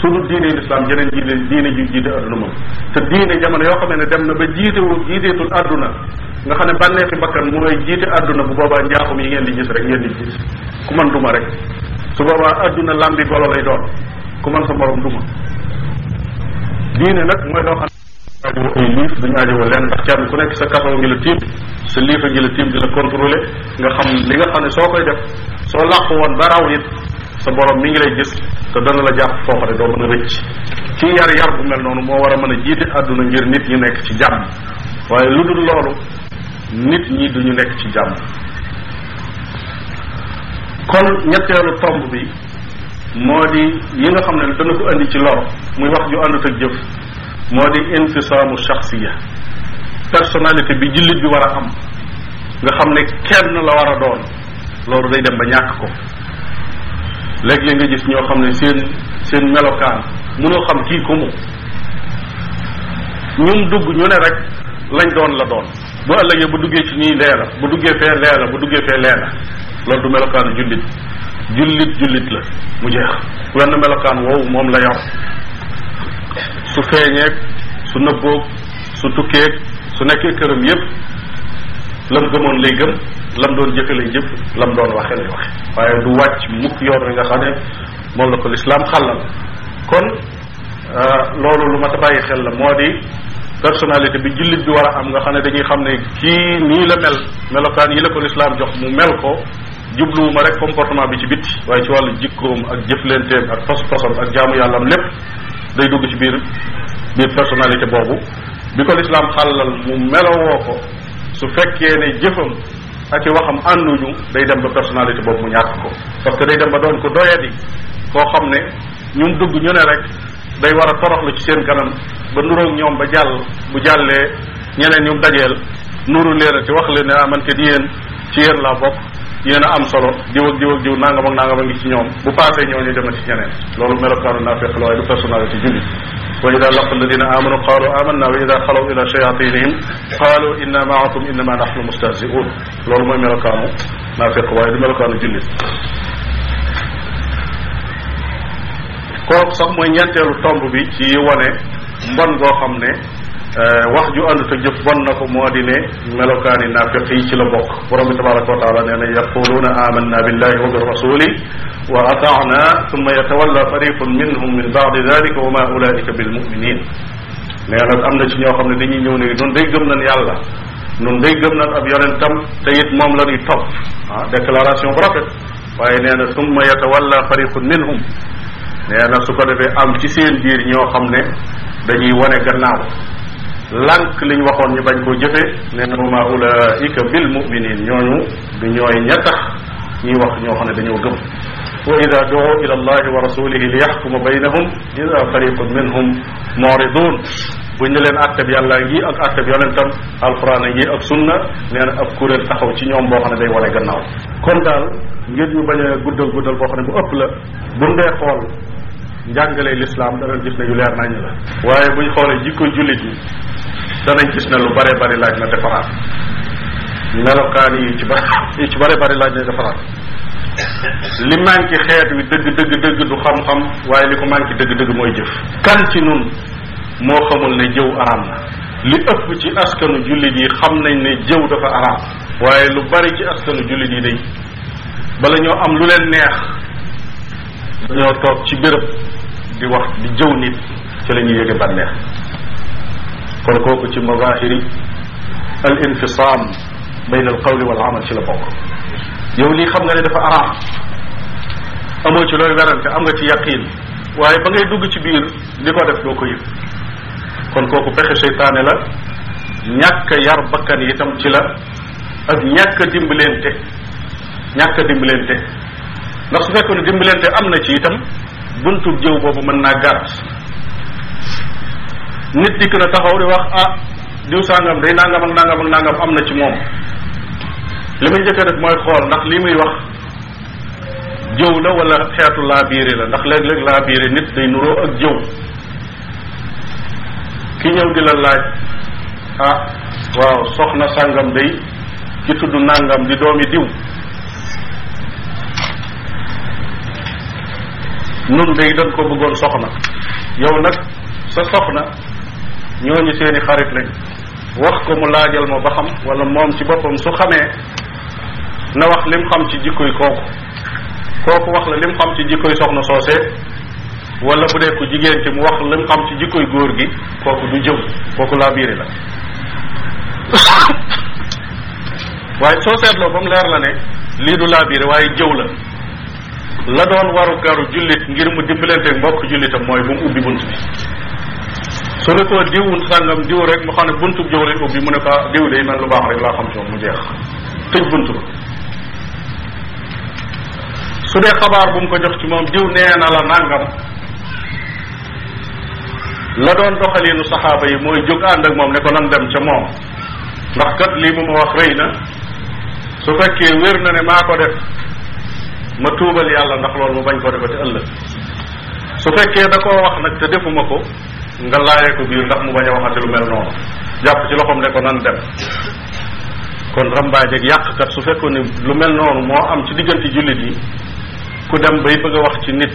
sunu diine lislaam jeneen jiite diine ju jiite àdduna moom te diine jamono yoo xam ne dem na ba jiitewul jiiteetul àdduna nga xam ne bànneexi bakkan mooy jiite àdduna bu boobaa njaaxum yi ngeen di gis rek ngeen di gis ku man duma rek su boobaa àdduna làmbi bolo lay doon ku man sa morom duma diine nag mooy loo xam ne duñu aajowoo ay liif duñu aajowoo ku nekk sa kasoo ngi la tiim sa liifa ngi la tiim di la nga xam li xam ne soo koy def soo làqu woon baraw it sa borom mi ngi lay gis te la jàpp foo xam ne doo mën a rëcc kii yar yar bu mel noonu moo war a mën a jiite àdduna ngir nit ñi nekk ci jàmm waaye lu dul loolu nit ñi duñu nekk ci jàmm kon ñetteelu tomb bi moo di yi nga xam ne dana ko indi ci lor muy wax ju àndut ak jëf moo di infisaamu shaxsiya personnalité bi jullit bi war a am nga xam ne kenn la war a doon loolu day dem ba ñàkk ko léeg-léeg nga gis ñoo xam ne seen seen melokaan mënoo xam kii ko mu ñum dugg ñu ne rek lañ doon la doon bu ëllëgee bu duggee ci ñuy lee bu duggee fee lee la bu duggee fee lee loolu du melokaanu jullit jullit jullit la mu jeex wenn melokaan woowu moom la yor su feeñeek su nëbboog su tukkeeg su nekkee këram yépp lam gëmoon lay gëm lam doon jëfe lay jëf lam doon waxe lay waxe waaye du wàcc mukk yor wi nga xam ne moom la ko lislaam xàllal kon euh, loolu lu ma ta bàyyi xel la moo di personnalité bi jullit bi war a am nga xam ne dañuy xam ne kii nii la mel melokaan yi la ko lislaam jox mu mel ko jubluwuma rek comportement bi ci bitti waaye ci wàllu jikkoom ak jëflenteem ak pas-pasam ak jaamu yàlla am lépp day dugg ci biir biir personnalité boobu bi ko lislaam xàllal mu melowoo ko su fekkee ne jëfam ak i waxam ànduñu day dem ba personnalité boobu mu ñàkk ko parce que day dem ba doon ko doyadi koo xam ne ñun dugg ñu ne rek day war a toroxlu ci seen kanam ba nuroog ñoom ba jàll bu jàllee ñeneen ñu dajeel nuru leeral ci wax leen ne ah man kat yéen ci yéen laa bokk yéen am solo jiw ak jiw ak jiw nangam ak nangam a ngi ci ñoom bu paasee ñooñu dem na ci ñeneen loolu melokaanu naafeq la waaye du personnalité jullit wa ida laqu alladina amanu qalu amanna wa ida xalaw ila shayatinihim qalu inna maakum innama nahnu mustahziun loolu mooy melokaanu naafeq waaye du melokaanu jullit kooku sax mooy ñeenteelu bi ci wane mbon goo xam ne euh, wax ju àndut ak jëf bon na ko moo di ne melokaani naafiq yi ci la bokk borom bi tabaraka wa taala nee na yaquluuna amanna billahi wa bi rasuli wa ataana thumma yatawalla fariqun minhum min baadi dalika wa ma ulaika bil muminin nee na am na ci ñoo xam ne dañuy ñëw ne nun day gëm nañ yàlla nun day gëm nañ ab yonentam te it moom la ñuy topp ah bu rafet waaye nee na summa yatawalla fariqun minhum nee na su ko defee am ci seen biir ñoo xam ne dañuy wane gannaaw lànk liñ waxoon ñu bañ koo jëfee nee na ma ulaika bil muminin ñooñu du ñooy ña tax ñuy wax ñoo xam ne dañoo gëm wa ida doo ila allahi wa rasulihi li yaxkuma baynahum ida fariqun minhum moridun buñ ne leen àtte bi yàlla ngi ak àtte bi yonentam alquran a ngi ak sunna nee na ab kuréel taxaw ci ñoom boo xam ne day wane gannaaw kon daal ngir ñu bañ a guddal guddal boo xam ne bu ëpp la buñ dee xool njàngale lislaam danañ gis na yu leer nañ la waaye buñ xoolee jikko jullit yi danañ gis na lu bare bari laaj na defaraat melokaan yi ci bare yi ci bare bari laaj na defaraat li manqué xeet wi dëgg dëgg dëgg du xam-xam waaye li ko manqué dëgg dëgg mooy jëf kan ci nun moo xamul ne jëw araam na li ëpp ci askanu jullit yi xam nañ ne jëw dafa araam waaye lu bari ci askanu jullit yi day bala ñoo am lu leen neex dañoo toog ci béréb di wax di jëw nit ci la ñuy yëge bànneex kon kooku ci mazahiri al infisam bayn al qawli wal amal ci la bokk yow lii xam nga ne dafa araam amoo ci looy werante am nga ci yaqin waaye ba ngay dugg ci biir di ko def doo ko yëg kon kooku pexe seytaane la ñàkk yar bakkan itam ci la ak ñàkk dimbalante ñàkk dimbalante ndax su fekkoon dimbalante am na ci itam buntu jëw boobu mën naa gàtt nit dikk na taxaw di wax ah diw sàngam day nangam ak nangam ak nangam am na ci moom li muy njëkk a def mooy xool ndax li muy wax jëw la wala xeetu laa biire la ndax léeg-léeg laa biire nit day nuroo ak jëw ki ñëw di la laaj ah waaw soxna sàngam day ci tudd nàngam di doomi diw nun day dañ ko bëggoon soxna yow nag sa soxna ñooñu seeni xarit lañ wax ko mu laajal ma ba xam wala moom ci boppam su xamee na wax lim xam ci jikkoy kooku kooku wax la lim xam ci jikkoy soxna soose wala bu dee ku jigéen ci mu wax lim xam ci jikkoy góor gi kooku du jëw kooku laa biiri la <coughs> waaye soo seetloo ba mu leer la ne lii du laa biiri waaye jëw la la doon waru garu jullit ngir mu dimbalanteeg mbokk jullitam mooy bu mu ubbi bunt bi su ne ko diwun sàngam diw rek mu xam ne buntu jëw lañ ubbi mu ne ko ah, diw day man lu baax rek laa xam ci mu jeex tëj buntu ba su dee xabaar bu mu ko jox ci moom diw nee na la nàngam la doon doxaliinu saxaaba yi mooy jóg ànd ak moom ne ko nan dem ca moom ndax kat lii mu ma wax rëy na su fekkee wér na ne maa ko def ma tuubal yàlla ndax loolu mu bañ ko defati ëllëg su fekkee da koo wax nag te defuma ko nga laajee ko biir ndax mu bañ a waxati lu mel noonu jàpp ci loxoom ne ko nan dem kon rambaaj ak yàqkat su fekkoon ne lu mel noonu moo am ci diggante jullit yi ku dem bay bëgg a wax ci nit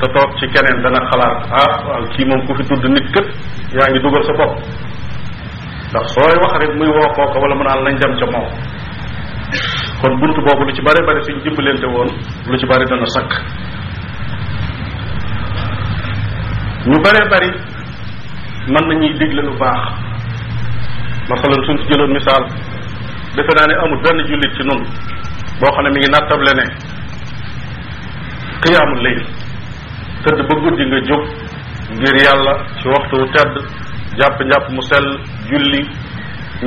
te toog ci keneen dana xalaat ah waaw kii moom ku fi tudd nit kët yaa ngi dugal sa bopp ndax sooy wax rek muy woo kooka wala mu naan lañ dem ca moom kon bunt boobu lu ci bare bari suñ dimbalante woon lu ci bari dana sakk ñu baree bari mën nañuy digle lu baax masalan suñ ci jëloon misaal defe naa ne amul benn jullit ci nun boo xam ne mi ngi nattable ne xiyaamul layl tëdd ba guddi nga jóg ngir yàlla ci waxtu wu tedd jàpp njàpp mu sel julli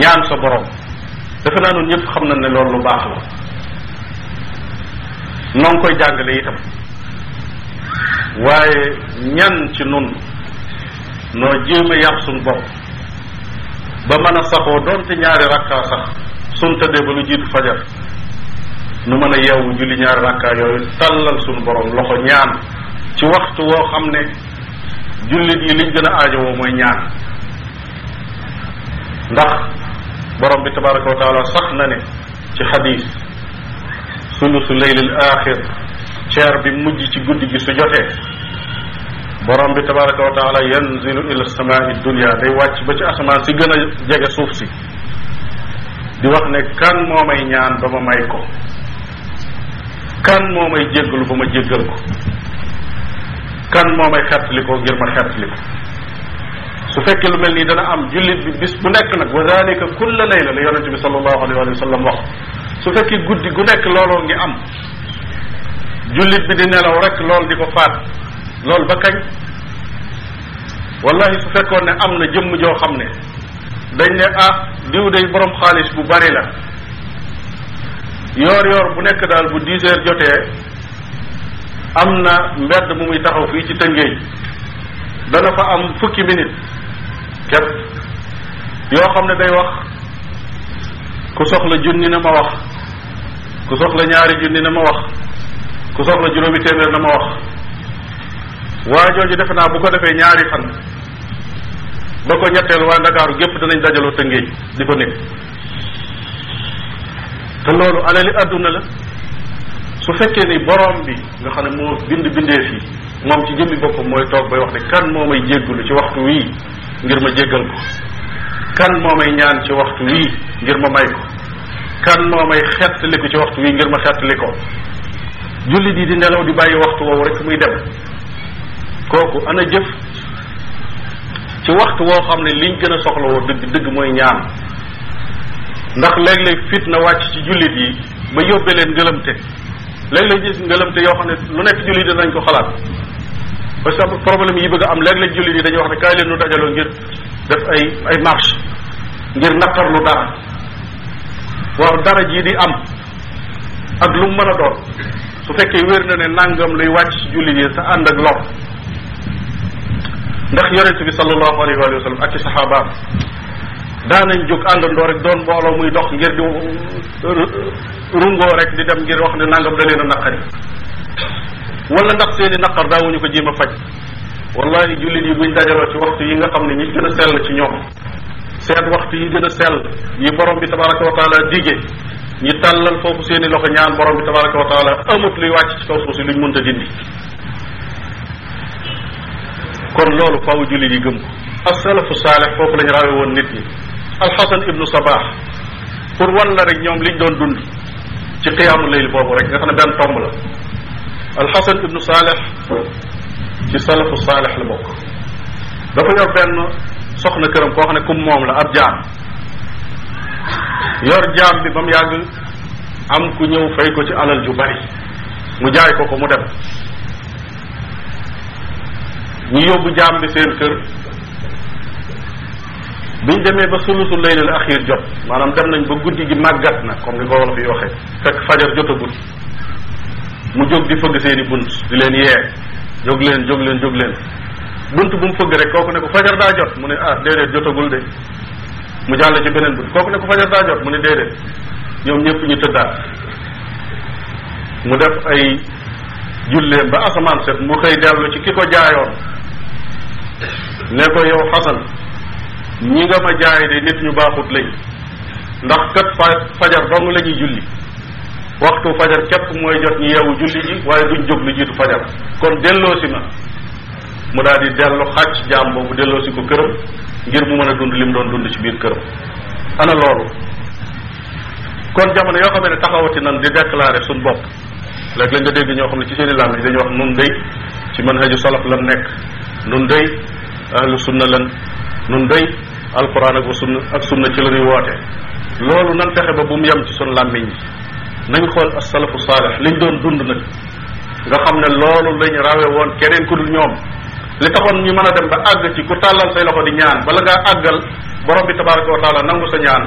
ñaan sa borom defe naa noonu ñëpp xam nañ ne loolu lu baax la noo koy jàngale itam waaye ñan ci nun noo jéem a yar suñ bopp ba mën a saxoo doonte ñaari rakkaa sax suñ tëddee ba lu jiitu fajar nu mën a yeewu julli ñaari ràkkaa yooyu tàllal suñu borom loxo ñaan ci waxtu woo xam ne jullit yi liñ gën a aajowoo mooy ñaan ndax borom bi tabaraka wa taala sax na ne ci xadis sulusu leylil axir ceer bi mujj ci guddi gi su jotee borom bi tabaraka wa taala yanzilu ila samaai dunia day wàcc ba ci asamaan si gën a jege suuf si di wax ne kan moo may ñaan ba ma may ko kan moo may jéggalu ba ma jéggal ko kan moo may xettali ko ngir ma xettali ko su fekkee lu mel nii dana am jullit bi bis bu nekk nag wa dalika kulla layla la yonente bi sallallahu alayhi wa sallam wax su fekkee guddi gu nekk looloo ngi am jullit bi di nelaw rek loolu di ko faat loolu ba kañ wallahi su fekkoon ne am na jëmm joo xam ne dañ ne ah diw day borom xaalis bu bari la yoor yoor bu nekk daal bu dix heures jotee am na mbedd mu muy taxaw fii ci Tëngéej dana fa am fukki minutes képp yoo xam ne day wax ku soxla junni na ma wax ku soxla ñaari junni na ma wax ku soxla juróomi téeméer na ma wax waa jooju defe naa bu ko defee ñaari fan ba ko ñetteelu waa ndakaaru gépp danañ dajaloo tëngéej di ko nit te loolu alali àdduna la su fekkee ni borom bi nga xam ne moo bind bindeef yi moom ci jëmmi boppam mooy toog bay wax ne kan moo may jéggulu ci waxtu wii ngir ma jéggal ko kan moo may ñaan ci waxtu wii ngir ma may ko kan moo may xettaliku ci waxtu wii ngir ma xettali ko jullit yi di nelaw di bàyyi waxtu woowu rek muy dem kooku ana jëf ci waxtu woo xam ne liñ gën a soxla woo dëgg dëgg mooy ñaan ndax léeg-léeg fitna wàcc ci jullit yi ba yóbbee leen ngëlamte léeg-léeg gis ngëlamte yoo xam ne lu nekk jullit danañ ko xalaat parce que problème yi bëgg am léeg-léeg jullit yi dañuy wax ne kaay leen nu dajaloo ngir def ay ay marche ngir naqarlu dara waaw dara jii di am ak lu mën a doon su fekkee wér na ne nangam luy wàcc jullit yi sa ànd ak lor ndax yonent bi sallallahu alayhi wa sallam ak i saxaabaam daanañ jóg àndandoo rek doon mbooloo muy dox ngir di uh, rungoo rek di dem ngir wax ne nangam la leen a naqari wala ndax seeni naqar daawuñu ko jéem a faj wallahi jullit yi buñ dajaloo ci waxtu yi nga xam ne ñi gën a sell ci ñoom seet waxtu yi gën a sell yi borom bi tabaraka wa taala dige ñi tàllal foofu seeni loxo ñaan borom bi tabaraka wa taala amut luy wàcc ci kaw suuf si luñ mënta dindi kon loolu faaw jullit yi gëm asalafu saaleh foofu lañ rawe woon nit ñi alxasan ibnu sabah pour wan la rek ñoom liñ doon dund ci qiyaamu layl boobu rek nga xam ne benn tomb alxasan ibnu saalex ci salafu saalex la bokk dafa yor benn soxna këram koo xam ne kum moom la ab jaam yor jaam bi ba mu yàgg am ku ñëw fay ko ci alal ju bari mu jaay ko ko mu dem ñu yóbbu jaam bi seen kër biñ demee ba sulusu laylal axiir jot maanaam dem nañ ba guddi gi màggat na comme ni ko wolof yi waxee fekk fajar jotagul mu jóg di fëgg seen i bunt di leen yee jóg leen jóg leen jóg leen bunt bu mu fëgg rek kooku ne ko fajar daa jot mu ne ah déedéet jotagul de mu jàll ci beneen bunt kooku ne ko fajar daa jot mu ne déedéet ñoom ñëpp ñu tëddaat mu def ay julleem ba asamaan set mu xëy dellu ci ki ko jaayoon ne ko yow xasan ñi nga ma jaay de nit ñu baaxut lañ ndax kat fa fajar dong la ñuy julli waxtu fajar képp mooy jot ñu yeewu jullit yi waaye duñ jóg lu jiitu fajar kon delloosi na mu daal di dellu xàcc jaam boobu delloosi ko këram ngir mu mën a dund lim doon dund ci biir këram ana loolu kon jamono yoo xam ne taxawati nan di déclarer suñ bopp léegi la nga dégg ñoo xam ne ci seen i làmm yi dañuy wax nun day ci manhaju salaf lan nekk nun day ahlu sunna lan nun day alquran ak sunna ak sunna ci la ñuy woote loolu nan fexe ba bu mu yem ci sun làmmiñ yi nañ xool as-salafu saalih liñ doon dund nag nga xam ne loolu lañ rawe woon keneen ku ñoom li taxoon ñu mën a dem ba àgg ci ku tàllal say loxo di ñaan bala ngaa àggal borom bi tabaraka wa taala nangu sa ñaan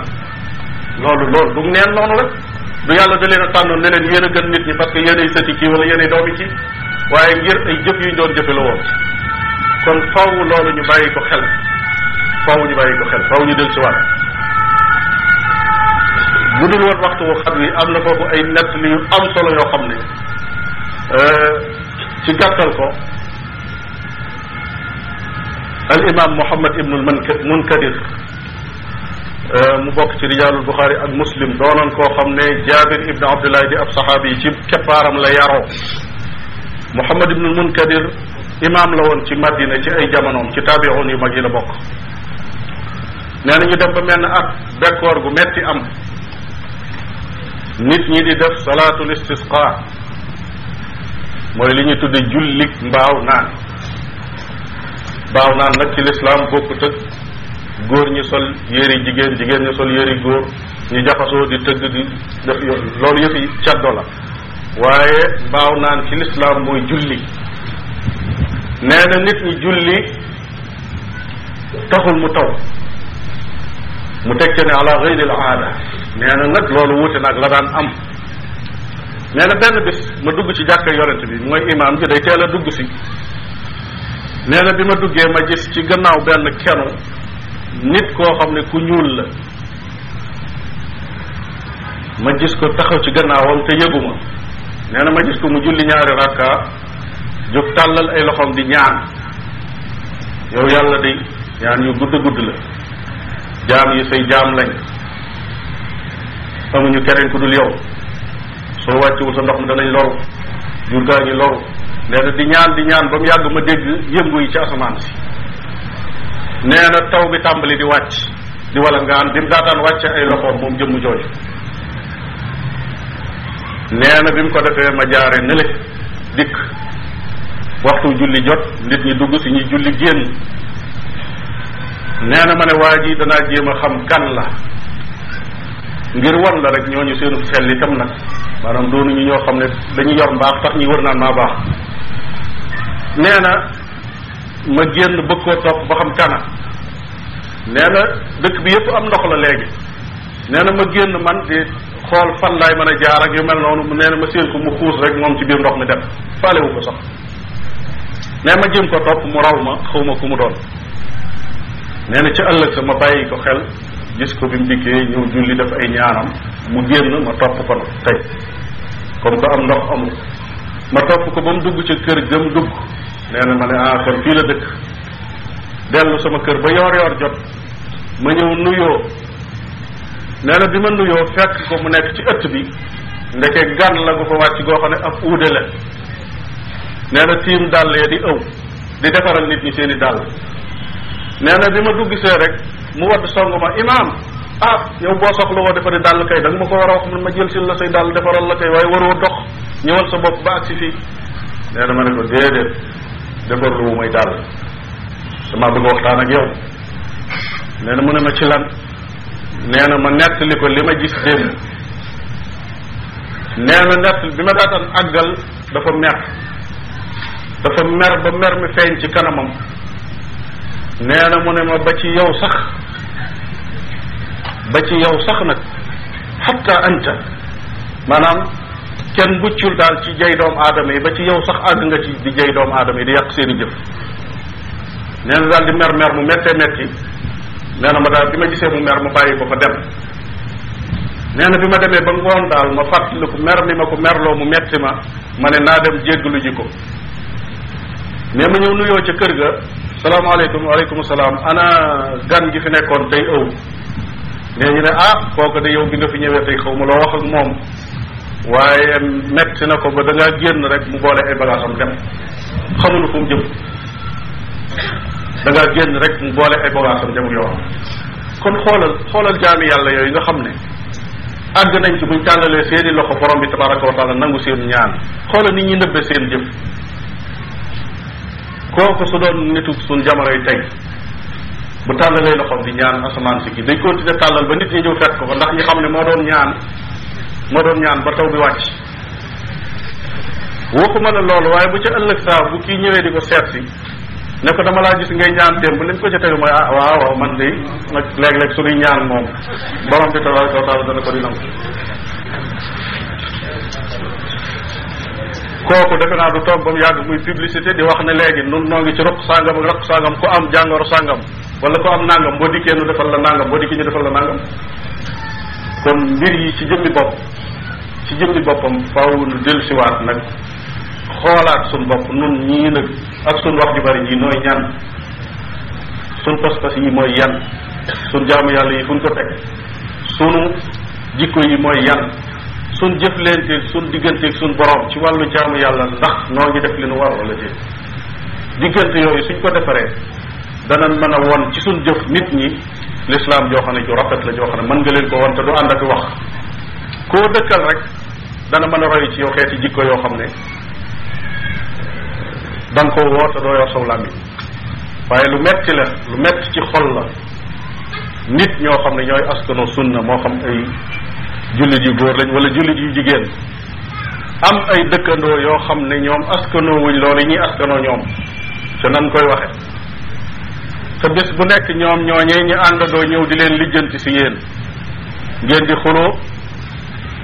loolu loolu du neen noonu rek du yàlla da leen a tànnoon ne leen yéen a gën nit ñi parce que yéenay sëti kii wala yéenay doomi kii waaye ngir ay jëf yu ñu doon jëfe la woon kon faaw loolu ñu bàyyi ko xel faaw ñu bàyyi ko xel faaw ñu del si waat bu dul woon waxtu wu xat wi am na foofu ay nett li yu am solo yoo xam ne euh, ci gàttal ko al imam Muhammad ibnul Munkadir euh, mu bokk ci rijaalul Buxaari ak Muslim doonoon koo xam ne Jaabir ibn Abdullahi di ab saxaabi yi ci keppaaram la yaroo Muhammad ibnul Munkadir imaam la woon ci Madina ci ay jamonoom ci taabi'un yu mag yi la bokk nee na ñu dem at bekkoor gu metti am nit ñi di def salaatul istisqa mooy li ñu tudde jullik mbaaw naan mbaaw naan nag ci lislaam bokkut ak góor ñi sol yëri jigéen jigéen ñi sol yëri góor ñu jaxasoo di tëgg di def loolu yëf yi caddo la waaye mbaaw naan ci lislaam mooy julli nee na nit ñi julli taxul mu taw mu teg ne ala ghayril aada nee na nag loolu wuute nag la daan am nee na benn bis ma dugg ci jàkka yonent bi mooy imaam ji day teel dugg si nee bi ma duggee ma gis ci gannaaw benn kenu nit koo xam ne ku ñuul la ma gis ko taxaw ci gannaawam te yëguma nee na ma gis ko mu julli ñaari rakka jóg tàllal ay loxoom di ñaan yow yàlla de ñaan yu gudd gudd la jaam yi say jaam lañ amuñu keneen ku dul yow soo wàccewul sa ndox mi danañ loru jur gaa ngi loru nee di ñaan di ñaan ba mu yàgg ma dégg yëngu yi ci asamaan si nee na taw bi tàmbali di wàcc di wala ngaan bi mu daataan wàcce ay loxoom moom jëmm jooju nee na bi mu ko defee ma jaare nële dikk waxtu julli jot nit ñi dugg si ñu julli génn nee na ma ne waa ji danaa jéem a xam kan la ngir wan la rek ñooñu seenu xel itam nag maanaam doonuñu ñoo xam ne dañu yor mbaax tax ñu wër naan maa baax nee na ma génn bëgg koo topp ba xam kana nee na dëkk bi yëpp am ndox la léegi nee na ma génn man di xool fan laay mën a jaar ak yu mel noonu nee na ma séen ko mu xuus rek moom ci biir ndox mi dem faalewu ko sax nee ma jéem ko topp mu raw ma xaw ma ku mu doon nee na ci ëllëg sa ma bàyyi ko xel gis ko bi mu dikkee ñëw julli def ay ñaanam mu génn ma topp ko tey comme que am ndox amul ma topp ko ba mu dugg ca kër gëm dugg nee ma ne ah kon fii la dëkk dellu sama kër ba yoor yoor jot ma ñëw nuyoo nee na bi ma nuyoo fekk ko mu nekk ci ëtt bi ndeke gan la gu fa wàcc goo xam ne ab uude la na tiim dàll ya di ëw di defaral nit ñi seen i dàll nee na bi ma dugg see rek mu wadd song ma imaam ah yow boo soxla woo defari dàll kay da nga ma ko war a wax man ma jël si la say dàll defaral la kay waaye waroo dox ñëwal sa bopp ba agsi fii nee na ma ne ko déedéet defar lu may dàll damaa bëgg waxtaan ak yow nee na mu ne ma ci lan nee na ma nettali ko li ma gis démb nee na nett bi ma daataan àggal dafa mer dafa mer ba mer mi feeñ ci kanamam nee na mu ne ma ba ci yow sax ba ci yow sax nag xatta anta maanaam kenn muccul daal ci jay doomu aadama yi ba ci yow sax àgg nga ci di jay doomu aadama yi di yàq seen i jëf nee daal di mer mer mu méttee métti nee na ma daal bi ma gisee mu mer ma bàyyi ko fa dem nee na bi ma demee ba ngoon daal ma ko mer mi ma ko merloo mu metti ma ma ne naa dem jéggalu ji ko mais ma ñëw nuyoo ca kër ga salaamaaleykum waaleykum salaam ana gan gi fi nekkoon day ëw nee ñu ne ah kooku de yow bi nga fi ñëwee tey xaw ma loo wax ak moom waaye metti na ko ba da génn rek mu boole ay bagaasam dem xamuñu fu jëm dangaa génn rek mu boole ay bagaasam dem yoon kon xoolal xoolal jaami yàlla yooyu nga xam ne àgg nañ ci buñ tàllalee seeni loxo borom bi tabaraka wa taala nangu seen ñaan xoolal nit ñi nëbbe seen jëf kooku su doon nitu suñ jamonoy tey bu tàllalee loxoom di ñaan asamaan si gi day continuer tàllal ba nit ñi ñëw fekk ko ba ndax ñu xam ne moo doon ñaan moo doon ñaan ba taw bi wàcc waxuma la loolu waaye bu ci ëllëg saa bu kii ñëwee di ko seet si ne ko dama laa gis ngay ñaan téem bu leen ko ca tegu mooy ah waaw man de léeg-léeg suñuy ñaan moom borom bi tabaraka wa taala dana ko di nangu kooku defe naa du toog ba mu yàgg muy publicité di wax ne léegi nun noo ngi ci ruq sàngam ak ruq sàngam ku am jàngoro sàngam wala ko am nangam boo dikkee nu defal la nangam boo dikkee ñu defal la nangam kon mbir yi ci jëmmi bopp ci jëmmi boppam faaw nu dellusiwaat nag xoolaat suñ bopp nun ñii nag ak suñ wax ju bari ji nooy ñan suñ pas-pas yi mooy yan suñ jaamu yàlla yi fu ñu ko teg sunu jikko yi mooy yan suñ jëflante suñ digganteeg suñ borom ci wàllu jaamu yàlla ndax noo ngi def li nu war wala déet diggante yooyu suñ ko defaree danañ mën a won ci suñ jëf nit ñi lislaam joo ne ju rafet la joo xam ne mën nga leen ko won te du ànd ak wax koo dëkkal rek dana mën a roy ci yow xeeti jikko yoo xam ne da nga ko woo doo yor saw làmmiñ waaye lu metti la lu metti ci xol la nit ñoo xam ne ñooy askano sunna moo xam ay jullit yu góor lañ wala jullit yu jigéen am ay dëkkandoo yoo xam ne ñoom askanoo wuñ loolu ñuy askanoo ñoom te nan koy waxee te bés bu nekk ñoom ñooñee ñu àndandoo ñëw di leen lijjanti si yéen ngeen di xuloo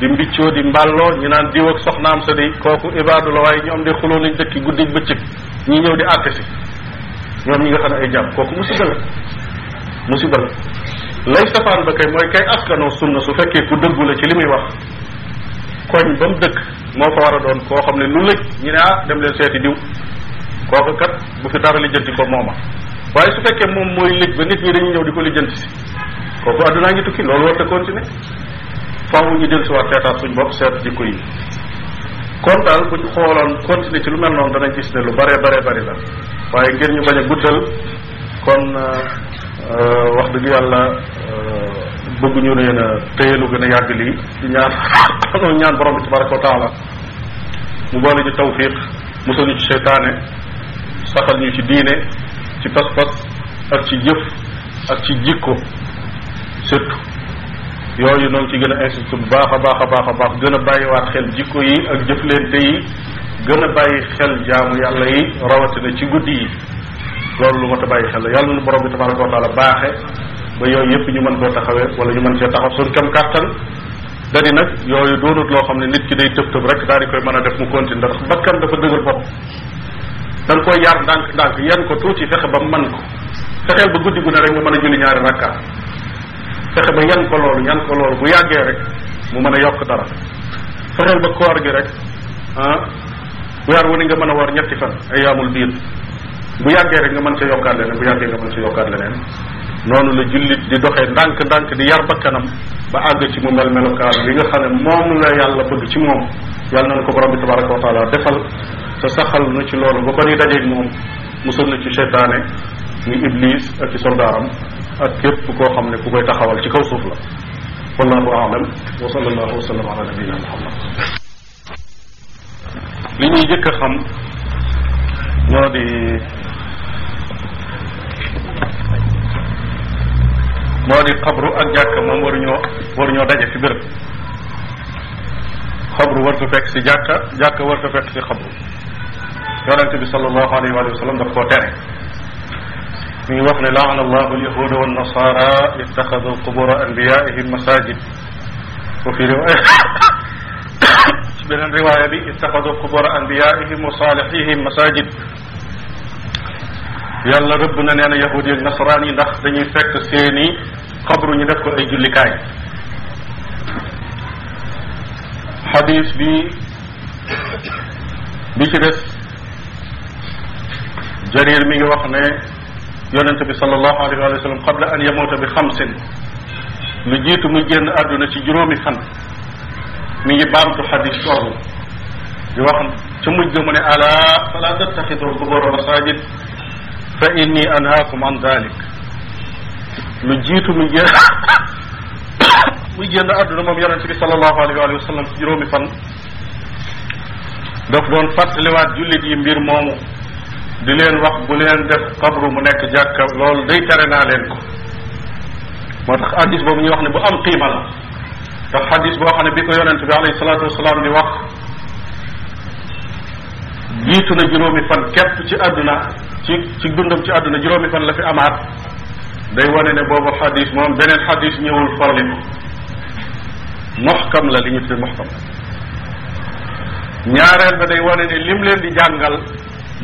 di mbiccoo di mbàlloo ñu naan diw ak soxnaam sa di kooku ibaadu la waaye ñoom de xuloo nañ dëkki guddi bëccëg ñi ñëw di àtte si ñoom ñi nga xam ne ay jàmm kooku musiba la musiba la lay safaan ba kay mooy kay askanoo sunna su fekkee ku dëggu la ci li muy wax koñ ba mu dëkk moo fa war a doon koo xam ne lu lëj ñu ne ah dem leen seeti diw kooku kat bu fi dara lijjanti ko mooma waaye su fekkee moom mooy lëj ba nit ñi dañuy ñëw di ko lijjanti si kooku addunaa ngi tukki loolu war te continuer faaw ñu jël si waat seetaat suñ bopp seet jikko yi kon daal bu ñu xooloon continuer ci lu mel noonu danañ gis ne lu bare bare bari la waaye ngir ñu bañ a guddal kon euh, wax dëgg yàlla euh, bëgguñu nee na téye lu gën a yàgg lii di ñaan xanoo <coughs> ñaan borom bi tabaraka mu boole ñu tawfiq musal ñu ci seytaane saxal ñu ci diine ci pas-pas ak ci jëf ak ci jikko surtout yooyu noonu ci gën a insisté bu baax a baax a baax a gën a bàyyiwaat xel jikko yi ak jëflante yi gën a bàyyi xel jaamu yàlla yi rawatina ci guddi yi loolu lu mat bàyyi xel la yàlla nu borom bi tabaraka wa taala baaxe ba yooyu yëpp ñu mën koo taxawee wala ñu mën cee taxaw suñ kam kàttan dadi nag yooyu doonut loo xam ne nit ki day tëb tëb rek daal di koy mën a def mu continue ndax bakkan dafa dëgër bopp da nga koy yar ndànk ndànk yan ko tuuti fexe ba man ko fexeel ba guddi gu rek nga mën a julli ñaari rakkaat fexe ba yan ko loolu yan ko loolu bu yàggee rek mu mën a yokk dara fexeel ba koor gi rek ah weer wu ne nga mën a war ñetti fan ay yaamul biir bu yàggee rek nga mën sa yokkaat leneen bu yàggee nga mën sa yokkaat leneen noonu la jullit di doxee ndànk-ndànk di yar bakkanam ba àgg ci mu mel melokaan li nga xam ne moom la yàlla bëgg ci moom yàlla nañu ko borom bi tabaraka wa taala defal sa saxal nu ci loolu ba ba nuy dajeeg moom musal na ci seytaane mu iblis ak ci soldaaram ak képp koo xam ne ku koy taxawal ci kaw suuf la wallahu aalam wa sallallahu wa sallam ala nabiyina muhammad li ñuy jëkk a xam ñoo di moo di xabru ak jàkka moom waruñoo waruñoo daje ci béréb xabru war ko fekk si jàkka jàkka war ko fekk si xabru yonente bi sallallahu alayhi wa sallam daf koo tere mi ngi wax ne laana allahu alyahuda wa nasara ittaxadu qubura anbiyaihim masajid wa fi riwaaya <coughs> ci beneen riwaaya bi ittaxadu qubura anbiyaihim wa salihihim masajid yàlla rëbb na nee na yahud yi ak nasaraan yi ndax dañuy fekk seeni xabru ñu def ko ay jullikaay xadis bi bi ci des jarir mi ngi wax ne yonente bi sallallahu alayhi wa sallam qabla an yamuuta bi xamsin lu jiitu muy génn àdduna ci juróomi fan mi ngi baamtu xadis boobu di wax ca mujj mu ne ala fala tattaxidu qubura masajid fa inni anhaakum an dalik lu jiitu muy génn muy génn àdduna moom yonente bi sallallahu alayhi wa sallam ci juróomi fan daf doon fàttaliwaat jullit yi mbir moomu di leen wax bu leen def xabru mu nekk jàkka loolu day tere naa leen ko moo tax hadis boobu ñuy wax ne bu am qiima la ndax hadis boo xam ne bi ko yonente bi alayhi salaatu wasalaam di wax jiitu na juróomi fan képp ci àdduna ci ci gundam ci àdduna juróomi fan la fi amaat day wane ne boobu xadis moom beneen xadis ñëwul forli ko moxkam la li ñu tuddee moxkam ñaareel ba day wane ne lim leen di jàngal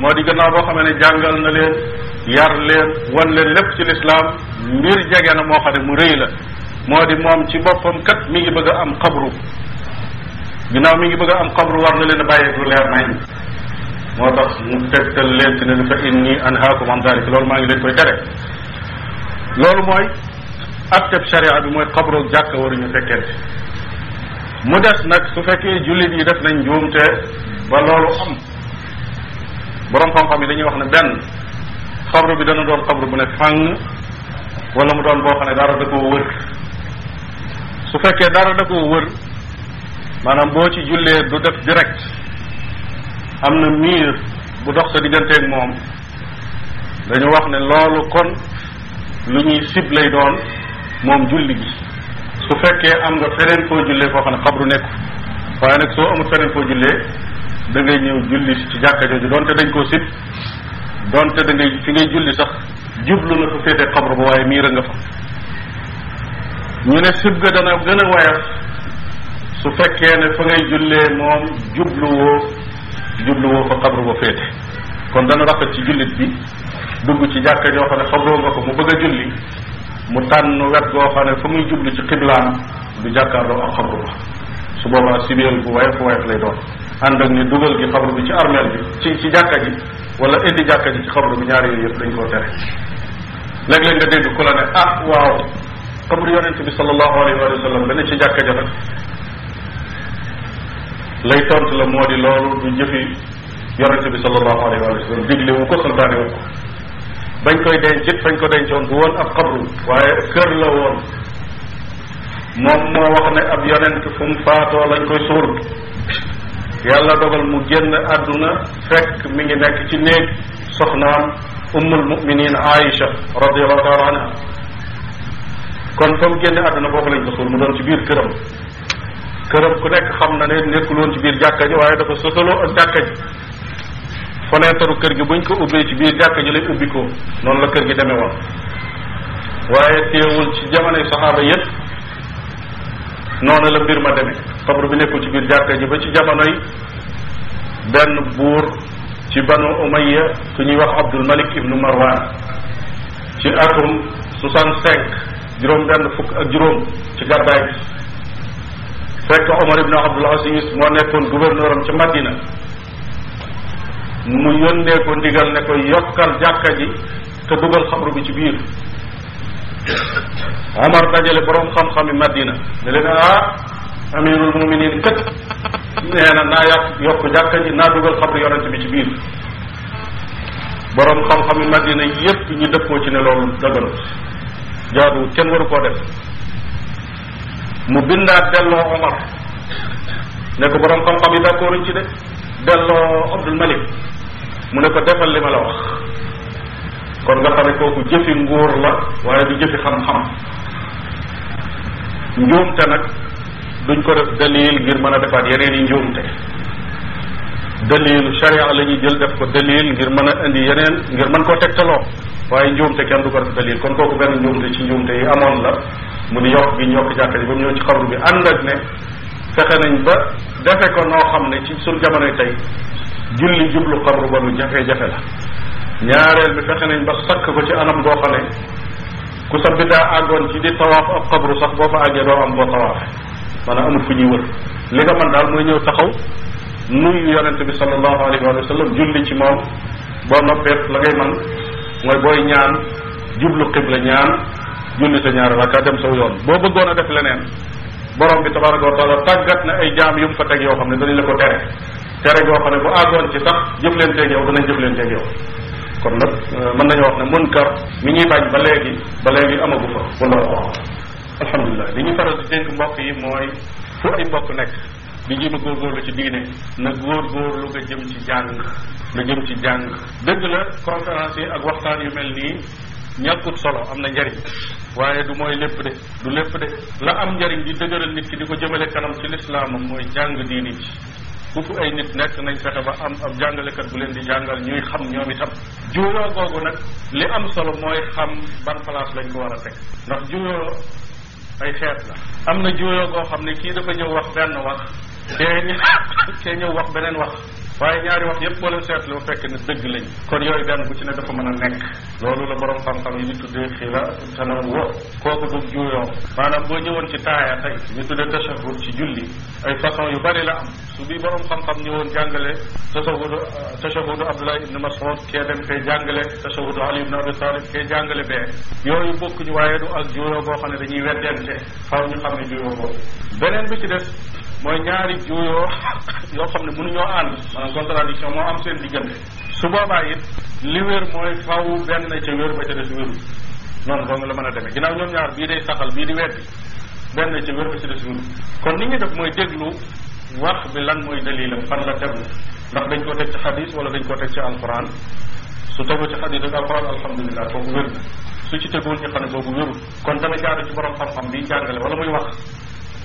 moo di gannaaw boo xam ne jàngal na leen yar leen wan leen lépp ci lislaam mbir jege na moo xam ne mu rëy la moo di moom ci boppam kat mi ngi bëgg a am xabru ginnaaw mi ngi bëgg a am xabru war na leen a bàyyeeg leer nañ moo tax mu tegtal leen ci ne fa inni anhaakum an dalik loolu maa ngi leen koy tere loolu mooy atteb sharia bi mooy xabroog jàkka waruñu fekkente mu des nag su fekkee jullit yi def nañ njuumte ba loolu am borom xam-xam yi dañuy wax ne benn xabru bi dana doon xabru bu ne fàng wala mu doon boo xam ne dara da koo wër su fekkee dara da koo wër maanaam boo ci jullee du def direct am na miir bu dox sa digganteeg moom dañu wax ne loolu kon lu ñuy sib lay doon moom julli gi su fekkee am nga feneen foo jullee foo xam ne xabru nekku waaye nag soo amul feneen foo jullee da ngay ñëw julli ci jàkka jooju donte dañ koo sib donte da fi ngay julli sax jublu na fa féete xabru ba waaye miir a nga fa ñu ne sib ga dana gën a woyof su fekkee ne fa ngay jullee moom jubluwoo jubluwoo fa xabru ba féete kon dana rafet ci jullit bi dugg ci jàkka joo xam ne xabroo nga ko mu bëgg a julli mu tànn wet goo xam ne fa muy jublu ci xiblaam du jàkkaarloo ak xabru ba su boobaa sibeel bu woyof woyof lay doon ànd ak ni dugal gi ci armeel bi ci ci jàkka ji wala indi jàkka ji ci xabru bi ñaari yooyu yëpp dañ koo tere léeg-léeg nga dégg ku ne ah waaw xabru yonente bi sallallahu alayhi wa sallam benn lay tontu la moo di loolu du jëfi yonente bi sallallahu alayhi wa sallam digle wu ko santaane bañ koy denc it ko dencoon bu woon ab xabru waaye kër la woon moom moo wax ne ab yonent fu mu faatoo lañ koy suul yàlla dogal mu génn àdduna fekk mi ngi nekk ci néeg soxnaam ummul muminin Aïcha radiallahu taala anha kon fa mu a àdduna foofu lañ ko suul mu doon ci biir këram këram ku nekk xam na ne loon ci biir jàkka ji waaye dafa sosaloo ak jàkka kër gi buñ ko ubbee ci biir jàkka ji lay ubbi noonu la kër gi demee woon waaye teewul ci jamonoy saxaaba yépp noonu la mbir ma demee xabru bi nekkul ci biir jàkka ji ba ci jamonoy benn buur ci banu umayya ku ñuy wax abdul malik ibnu marwan ci atum soixante cinq juróom benn fukk ak juróom ci gàddaay bi fekk Omar ibn Abdul Aziz moo nekkoon gouverneur am ca Madina mu yónnee ko ndigal ne ko yokkal jàkka ji te dugal xabru bi ci biir Omar dajale borom xam-xami Madina ne leen ah amirul muminin kat nee na naa yàq yokk jàkka ji naa dugal xabru yonent bi ci biir borom xam-xami Madina yépp ñu dëppoo ci ne loolu dëgganut jaaduwut kenn waru koo def mu bindaat delloo Omar ne ko borom xam-xam yi d'accorduñ ci de delloo Abdul mu ne ko defal li ma la kon nga xam ne kooku jëfi nguur la waaye du jëfi xam-xam njuumte nag duñ ko def dalil ngir mën a defaat yeneen yi njuumte dalilu sharia la ñuy jël def ko dalil ngir mën a indi yeneen ngir mën koo tegtaloo waaye njuumte kenn du ko dalil kon kooku benn njuumte ci njuumte yi amoon la mu ni yokk gi ñu yokk jàkka ji ba mu ñëw ci bi ànd ak ne fexe nañ ba defe ko noo xam ne ci suñ jamonoy tey julli jublu xabru ba lu jafe-jafe la ñaareel bi fexe nañ ba sakk ko ci anam goo xam ne ku sa daa àggoon ci di tawaaf ak xabru sax boo fa àggee doo am boo tawaaf maanaam amul fu ñuy wër li nga mën daal mooy ñëw taxaw nuyu yonente bi sallallahu alayhi wa sallam julli ci moom boo noppeet la ngay man mooy booy ñaan jublu xibla ñaan julli sa ñaari rakka dem saw yoon boo bëggoon a def leneen borom bi tabaraka wa taala tàggat na ay jaam yu mu fa teg yoo xam ne dañu la ko tere tere goo xam ne bu àggoon ci sax jëflanteeg yow danañ jëflanteeg yow kon nag euh, mën nañu wax ne munkar mi ñuy bañ ba léegi ba léegi amagu fa wala alhamdulilah li ñu faral di dénk mbokk yi mooy fu ay mbokk nekk di gën góor góorgóorlu ci diine na góorgóorlu nga jëm ci jàng na jëm ci jàng dëgg la conférence yi ak waxtaan yu mel nii ñàkkut solo am na njariñ waaye du mooy lépp de du lépp de la am njariñ di dëgëral nit ki di ko jëmale kanam ci lislaamam mooy jàng diine ji fukk ay nit nekk nañ fexe ba am ab jàngalekat bu leen di jàngal ñuy xam ñoom itam juuyoo googu nag li am solo mooy xam ban place lañ ko war a teg ndax juuyoo ay xeet la am na juuyoo koo xam ne kii dafa ñëw wax benn wax kee ñëw wax beneen wax waaye ñaari wax yépp boo leen seetloo fekk ne dëgg lañ kon yooyu benn bu ci ne dafa mën a nekk loolu la borom xam-xam yi ñu tuddee xila tanawwu kooku du juuyoo maanaam boo ñëwoon ci taaya tey ñu tuddee tashahud ci julli ay façon yu bari la am su bii borom xam-xam ñëwoon jàngale tashahudu tashahudu Abdullah ibn Mas'ud kee dem kay jàngale tashahudu Ali ibn Abi Talib kee jàngale bee yooyu ñu waaye du ak juuyoo boo xam ne dañuy weddente xaw ñu xam ne juuyoo beneen bi ci des mooy ñaari juuyoo yoo xam ne mënuñoo ànd maanaam contradiction moo am seen diggante su boobaa it li wér mooy faw benn ca wér ba ca des la mën a demee ginnaaw ñoom ñaar bii day saxal bii di weddi benn ca wér ba ca des wérul kon ni ñuy def mooy déglu wax bi lan mooy dalilam fan la tegu ndax dañ koo teg ci xadis wala dañ koo teg ci alquran su tegu ci xadis ak alquran alhamdulilah kooku wér na su ci teguwul ñu xam ne boobu wérul kon dana jaaru ci borom xam-xam bi jàngale wala muy wax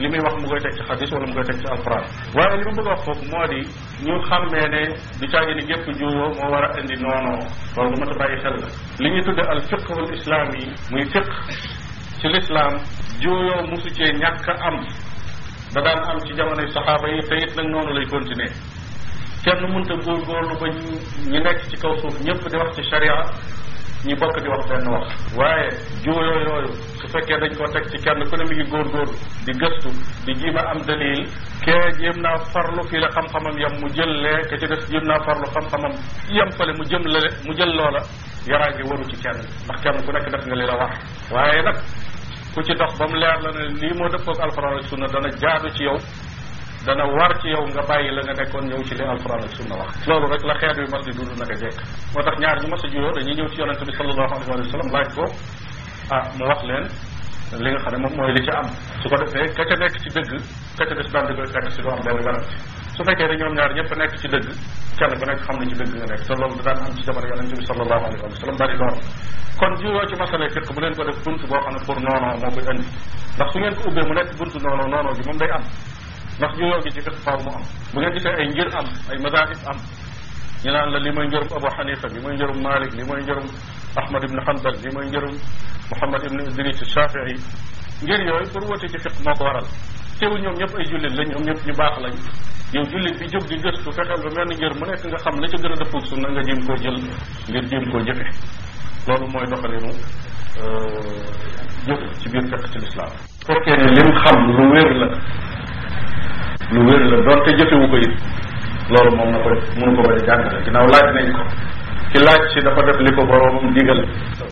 li muy wax mu koy teg ci xadis wala mu koy teg ci alquran waaye li mu bëgg a wax foofu moo di ñu xàmmee ne du caagi ni gépp juwo moo war a indi noonoo loolu ma ta bàyyi xel la li ñuy tudde al fiqh al islam muy fiq ci lislaam juuyoo mosu ce ñàkk am da am ci jamonoy saxaaba yi te it nag noonu lay continuer kenn mënta góorgóorlu ba ñu nekk ci kaw suuf ñëpp di wax ci sharia ñu bokk di wax benn wax waaye juuyoo yooyu su fekkee dañ ko teg ci kenn ku ne mi ngi góorgóorlu di gëstu bi jiim a am dalil kee jéem naa farlu fii la xam-xamam yam mu jël lee ke ci des jéem naa farlu xam-xamam yam fale mu jëm lale mu jël loola yaraange waru ci kenn ndax kenn ku nekk def nga li la war waaye nag ku ci dox ba mu leer la ne lii moo dëppoog alxuraan ak sunna dana jaadu ci yow dana war ci yow nga bàyyi la nga nekkoon ñëw ci li alquran ak sunna wax loolu rek la xeet bi mas di dund naka jekk moo tax ñaar ñu mas a juyoo dañuy ñëw ci yonente bi sallallahu alayhi wa sallam laaj ko ah mu wax leen li nga xam ne moom mooy li su ko defee ka ca ci dëgg ka ca des daan di koy fekk si doo am benn garab su fekkee ne ñoom ñaar ñëpp nekk ci dëgg kenn ku nekk xam ne ci dëgg nga nekk te loolu da ci jamono yonente bi ko def xam ne pour noonoo moo koy andi ndax nekk bunt noonoo moom am ndax juyoo gi ci fiq faaw mu am bu ngeen gisee ay ngir am ay madahib am ñu naan la li mooy njërum Abu Hanifa li mooy njërum Malik li mooy njërum Ahmad ibn Hanbal li mooy njërum Muhammad ibn Idris Shafii ngir yooyu pour wute ci fiq moo ko waral teewul ñoom ñëpp ay jullit lañ ñoom ñëpp ñu baax lañ yow jullit bi jóg di gëstu fexeel mel ni ngir mu nekk nga xam la ca gën a dëppoo sunna nga jéem koo jël ngir jéem koo jëfe loolu mooy doxalinu euh, jóg ci biir fiq ci lislaam fekkee la lu wér la donte jëfewu ko it loolu moom na ko mënu ko bañ a jàngale ginnaaw laaj nañ ko ci laaj si dafa def li ko boromam digal